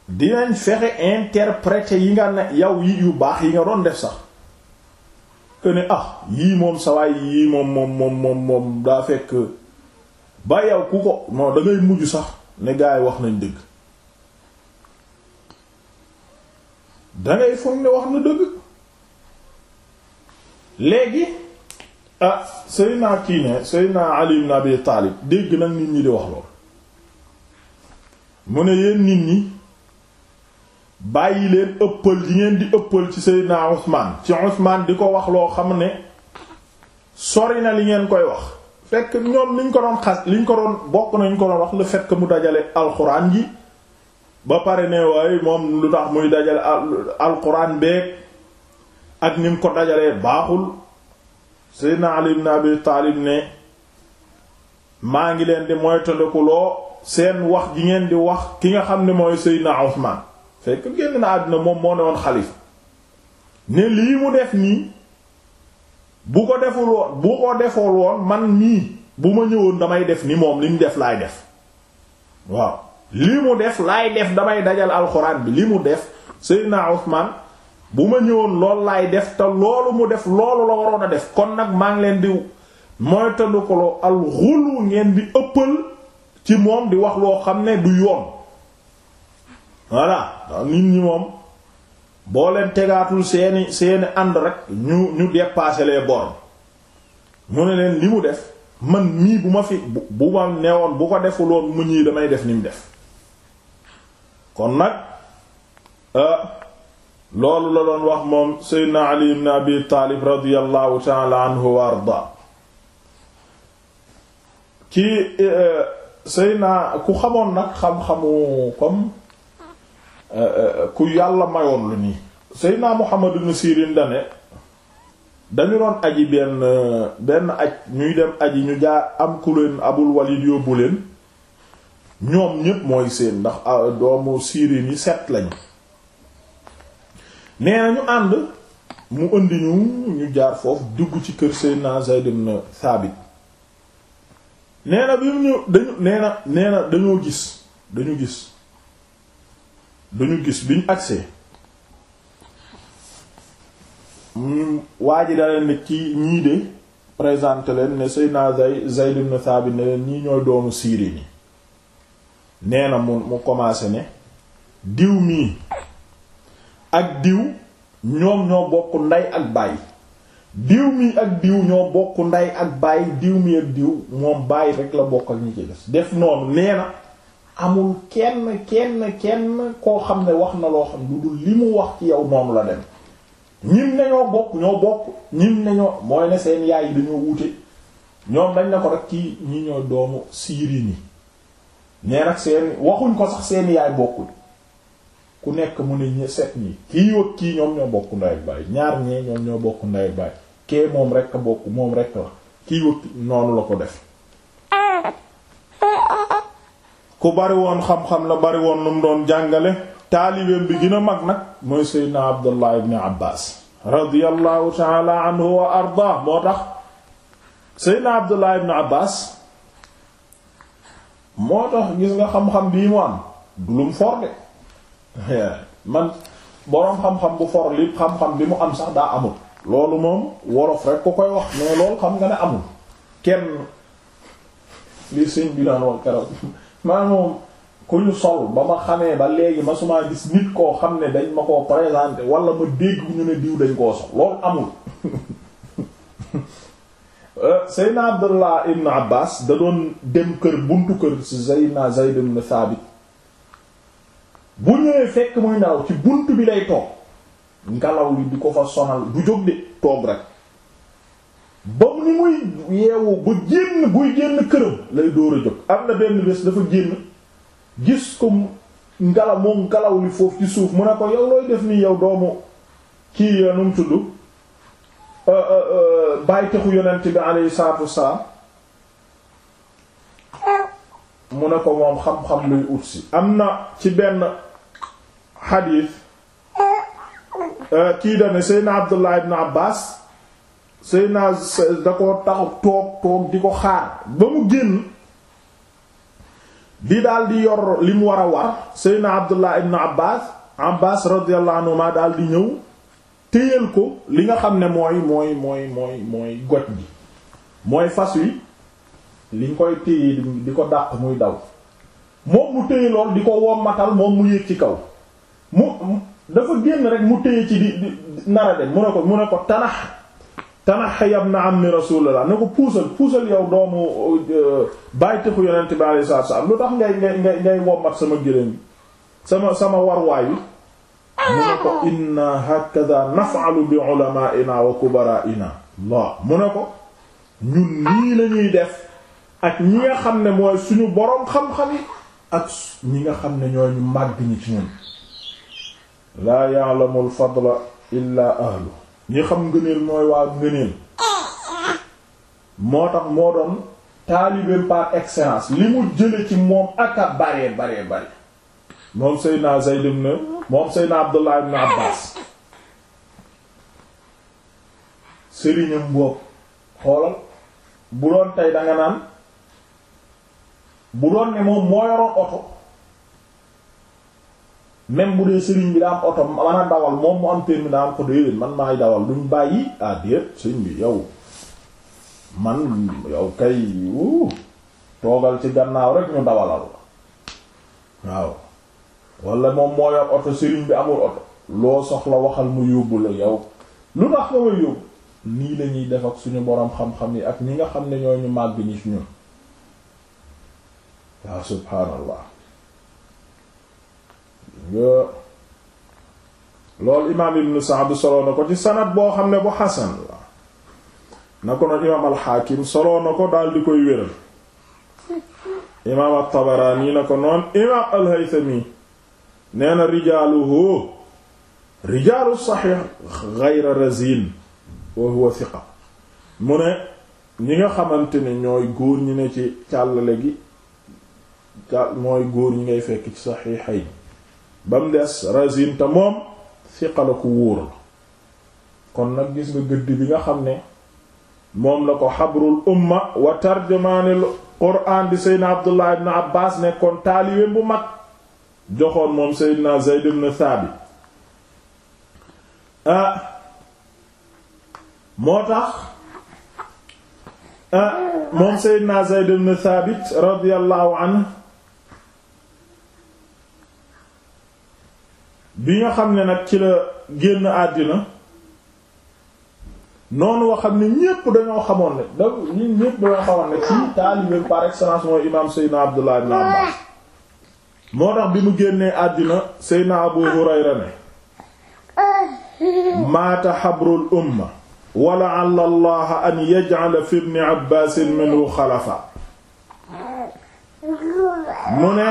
dinañ fexe interpréter yi nga ne yow yi yu baax yi nga doon def sax que ne ah yii moom sawaay yii moom moom moom moom moom daa fekk ba yow ku ko non da mujj sax ne gaa yi wax nañ dëgg dangay foog ne wax na dëgg léegi a ah, Seydina kii ne Seydina Ali ibn Abi Taalib dégg nag nit ñi di wax lool mu ne yéen nit ñi bàyyi leen ëppal yi ngeen di ëppal ci Seydina Usmaan ci Usmaan di ko wax loo xam ne sori na li ngeen koy wax fekk ñoom liñ ko doon xas liñ ko doon bokk nañu ko doon wax le fait que mu dajale alxuraan ji ba pare ne waaye moom lu tax muy dajale alxuraan beeg ak ni mu ko dajalee baaxul Seydina Ali ibn Abi Taalib ne maa ngi leen di moytandiku loo seen wax ji ngeen di wax ki nga xam ne mooy Seydina Usmaan fekk génn na àddina moom moo ne woon xalifa ne lii mu def nii bu ko deful woon bu ko deful woon man nii bu ma ñëwoon damay def ni moom li mu def laay def waaw li mu def laay def damay dajal alxuraan bi li mu def Seydina Usmaan bu ma ñëwoon lool laay def te loolu mu def loolu la waroon a def kon nag maa leen di moytandu ko alxulu ngeen di ëppal ci moom di wax loo xam ne du yoon voilà nit ñi moom boo leen tegaatul seeni seeni ànd rek ñu ñu dépasser les bornes mu ne leen li mu def man mii bu ma fi bu ma newoon bu ko defuloon mu ñii damay def ni mu def kon nag euh, loolu la doon wax moom seydna ali ibn abi taalib radiallahu taala anhu wa arda ci euh, naa ku xamoon nag xam-xamu comme ku yàlla mayoon lu nii Seydina Muhammad ibn Sirin dane dañu doon aji benn benn aj ñuy dem aji ñu jaar am ku leen Abul Walid yóbbu leen ñoom ñépp mooy seen ndax ah, doomu Sirin yi set lañ nee na ñu ànd mu indi ñu ñu jaar foofu dugg ci kër Seydina Zayd ibn Thabit nee na bi ñu dañu nee na nee na dañoo gis dañu gis du ñu gis biñ agsee ñu waa ji daleen ne ci ñii de présenté leen ne Seydina Zayd Zayd ibn Thabit ne leen ñii ñooy doomu Siiriin yi nee na mu mu commencé ne diw mii ak diw ñoom ñoo bokk nday ak baay diw mii ak diw ñoo bokk nday ak baay diw mii ak diw moom baay rek la bokkal ak ñi ci des def noonu nee na amul kenn kenn kenn koo xam ne wax na loo xam lu dul li mu wax ci yow noonu la dem ñim ne ñoo bokk ñoo bokk ñim ne ñoo mooy ne seen yaay yi dañoo wuute ñoom dañ ne ko rek kii ñi ñoo doomu siiri ni nee nag seen waxuñ ko sax seen yaay bokkul ku nekk mu ne set ñi kii wëg kii ñoom ñoo bokk ndey ak baay ñaar ñee ñoom ñoo bokk ndey baay kee moom rek a bokk moom rek la kii wëg noonu la ko def ku bari woon xam-xam la bari woon lu mu doon jàngale taalibeem bi gën mag nag mooy seydina abdullah ibn abbas radiyallahu taala anhu wa arda moo tax seydina abdullah ibn abbas moo tax gis nga xam-xam bii mu am bu for li xam-xam bi mu sax daa amul loolu moom wolof rek ku koy wax mais loolu xam nga ne amul kenn li sëñ bi daan maa moom ku ñu sol ba ma xamee ba léegi masumaa gis nit koo xam ne dañ ma koo présenté wala ma dégg ñu ne diw dañ koo sol loolu amul euh, Seydina Abdullah ibn Abbas da doon dem kër buntu kër si Seydina Zayd ibn Thabit bu ñëwee fekk muy nelaw ci bunt bi lay toog ngelaw li di ko fa sonal du jóg de toog rek ba ni muy yeewu ba génn buy génn këram lay dóor a jóg am na benn bés dafa génn gis ko ngelaw moom ngelaw li foofu ci suuf mu ne ko yaw looy def nii yow doomu kii ya euh, nu mu tudd euh, euh, bàyyi taxu yonent bi alayhi salaatu wassalaam mu ne ko moom xam-xam luy ut si am na ci benn xadiis kii dane Seydina Abdullah ibn Abbas Seyna da ko taxaw toog toog di ko xaar ba mu génn di daal di yor li war a war Seyna Abdullah ibn Abbas Abbas radiyallahu anhuma daal di ñëw téyal ko li nga xam ne mooy mooy mooy mooy mooy goj bi mooy fas wi liñ koy téye di ko dàq muy daw moom mu téye lool di ko wommatal moom mu yéeg ci kaw mu dafa génn rek mu téye ci di nara dem mu ne ko mu ne ko tanax Tanahhi ibn ammi rasulullah ne ko puusal puusal yow doomu euh, bàyyi tëxu yonent bi alayhi salaatu salaam lu tax ngay ngay ngay ngay wommat sama jërëm sama sama warwaay wi mu ne ko ah! inna hakadha naf'alu bi ulama'ina wa kubara'ina Allah mu ne ko ñun nii lañuy def ak ñi nga xam ne mooy suñu boroom xam-xam yi ak ñi nga xam ne ñooy ñu màgg ñi ci ñun la ya'lamu al-fadla illa ahlu ñi xam ngëneel mooy waa ngëneel moo tax moo doon taalibeem par excellence li mu jële ci moom ak a baree bare moom Seydina Zayd ibn moom Seydina Abdullah ibn Abbas sëriñam boobu xoolal bu doon tey danga naan bu doon ne moom moo yoroon oto même bu dee sëriñ bi daa am oto man a dawal moom mu am permis daa am ko déedéet man maay dawal duñ bàyyi ah déet sëriñ bi yow man ci gannaaw rek ñu dawalal la moom moo yor bi amul oto mu yóbbu yow lu tax la way def suñu boroom xam-xam yi ak ñi nga xam ne ñoo ñu màgg ñi suñu waaw subhaanallah loolu imaam ibn Sa'd soloo ko ci sanad boo xam ne bu xasan na ko noon imaam alxaakim soloo ko dal di koy wéral imaam at-Tabaraani na ko noon imaam al-Haythami nee na rijaaluhu rijaalu saxiix gayra razin wa huwa thiqa mu ne ñi nga xamante ne ñooy góor ñi ne ci càllale gi mooy góor ñi ngay fekk ci saxiixay ba mu des razin te moom siqala ku wóor la kon nag gis nga gëdd bi nga xam ne moom la ko xabrul umma wa tarjumaanil quraan di seydna abdullah ibn abbas nekkoon taalibeem bu mag joxoon moom seydna zayd ibn thabit ah, moo tax ah, moom seydna zayd ibn thabit radiyallahu anhu bi nga xam ne nag ci la génn àddina noonu wax xam ne ñépp dañoo xamoon ne da ñun ñépp dañoo xamoon ne ci taalibe par excellence mooy imaam Seydina Abdullah ibn Abbas moo tax bi mu génnee àddina Seydina Abu Hurayra ne maata xabrul umma wa Allah an yaj'ala fi ibn Abbas xalafa mu ne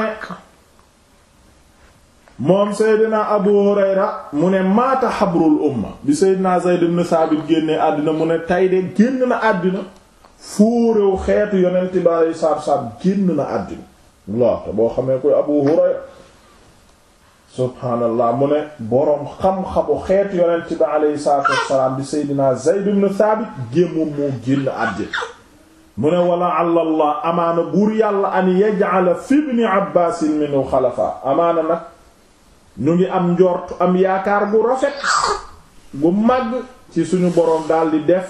moom Seydina Abu Hurayra mu ne maata xabrul umma bi Seydina Zayd ibn Saabit génnee àddina mu ne tey de génn na àddina fóoréw xeetu yonent bi alei saab-saab génn na àddina laa te boo xamee koy Abu Hurayra subhaanallah mu ne boroom xam-xamu xeetu yonent bi aleyhi salatu wassalaam bi Seydina Zayd ibn Saabit gémmoom moo génn àddina mu ne wala àllallah amaana buur yàlla an yaj'ala fi ibn Abbaas minu xalafa amaana nag ñu ngi am njort am yaakaar bu rafet bu màgg ci suñu boroom daal def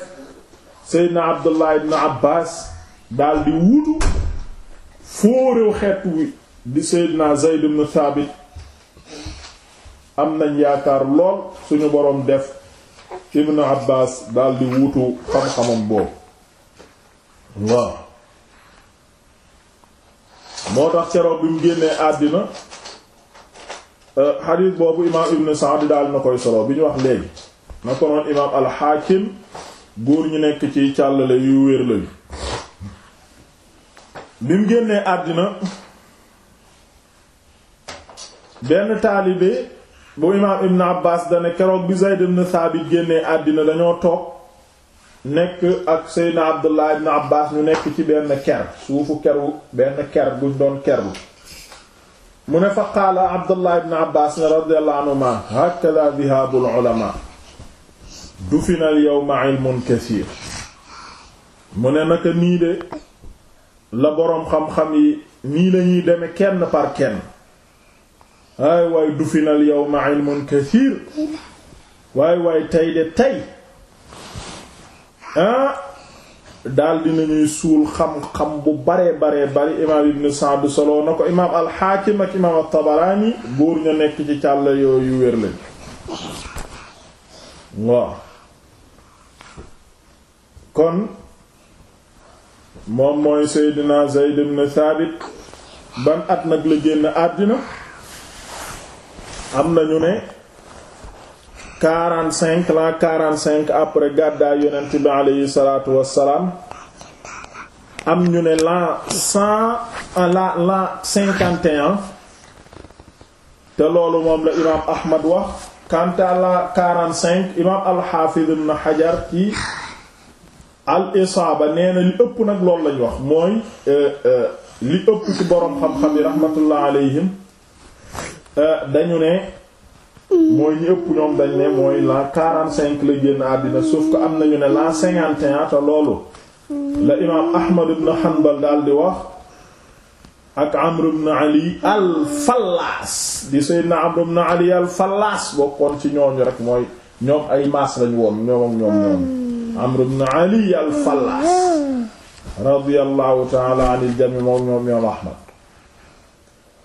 Seydina Abdullah ibn Abbas daal di wutu fóoréw xeet wi di Seydina Zayd ibn Thabit am nañ yaakaar lool suñu boroom def ibn Abbas daal di wutu xam-xamam boobu waaw moo tax ceroo bi mu génnee àddina Euh, xadiis boobu imaam ibn Sa'd daal na koy solo bi ñu wax léegi na ko noon imaam alxaakim góor ñu nekk ci càllale yu wér lañu bi mu génnee àddina benn taalibe bu imaam ibn Abbas dane keroog bi Zayd ibn Thabit génnee àddina dañoo toog nekk ak Seydina Abdullah ibn Abbas ñu nekk ci benn ker suufu keru benn ker guñ doon kerlu mu ne fa qaala abdullah ibn abbas ne radiyallahu anhuma hakada dihaabul ulama dufina al yawma ilmun mu ne naka nii de la boroom xam-xam yi nii lañuy deme kenn par kenn waay waay dufina al yawma ilmun kathir waay waay tey de tey ah daal dinañuy suul xam-xam bu bare baree bari imaam ibn Sa'd solo na ko imaam al ak imaam at-Tabarani góor ña nekk ci càll yooyu wér lañ waaw kon moom mooy Seydina ban at nag la génn àddina am nañu ne quarante-cinq la quarante-cinq après gàddaay yonent bi aleyhi salaatu wassalaam am ñu ne l'an la euh, l'an cinquante et te loolu moom la imaam Ahmad wax quant à la quarante-cinq imaam al-Hafiz ibn Hajar ci al-Isaaba nee na li ëpp nag loolu lañ wax mooy euh, euh, li ëpp ci boroom xam-xam yi rahmatullah alayhim dañu ne mooy ñëpp ñoom dañ ne mooy la quarante génn àddina sauf que am nañu ne la cinquante et un loolu la imaam Ahmad ibn Hanbal daal di wax ak Amr ibn Ali al Fallaas di Seydina Amr ibn Ali al Fallaas bokkoon ci ñooñu rek mooy ñoom ay maas lañu woon ñoom ñoom ñoom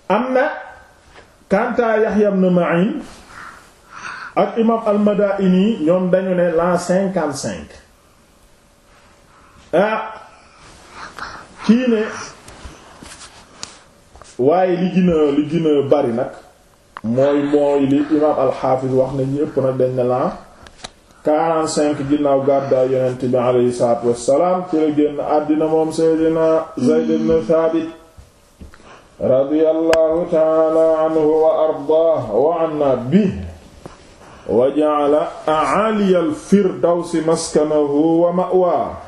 am na kanta Yahya ibn Ma'in ak imam al-Madaini ñoom dañu ne l'an cinquante cinq ah kii ne waaye li gën li gën bari nag mooy mooy li imam al-Hafiz wax ne ñépp nag dañ ne quarante cinq ginaaw gàddaay yonent bi aleyhi salaatu wassalaam ci la génn àddina moom Seydina Zayd ibn Thabit ta'ala anhu wa ardaah wa anna bi wa ja'ala a'ali al-firdawsi maskanahu wa ma'waahu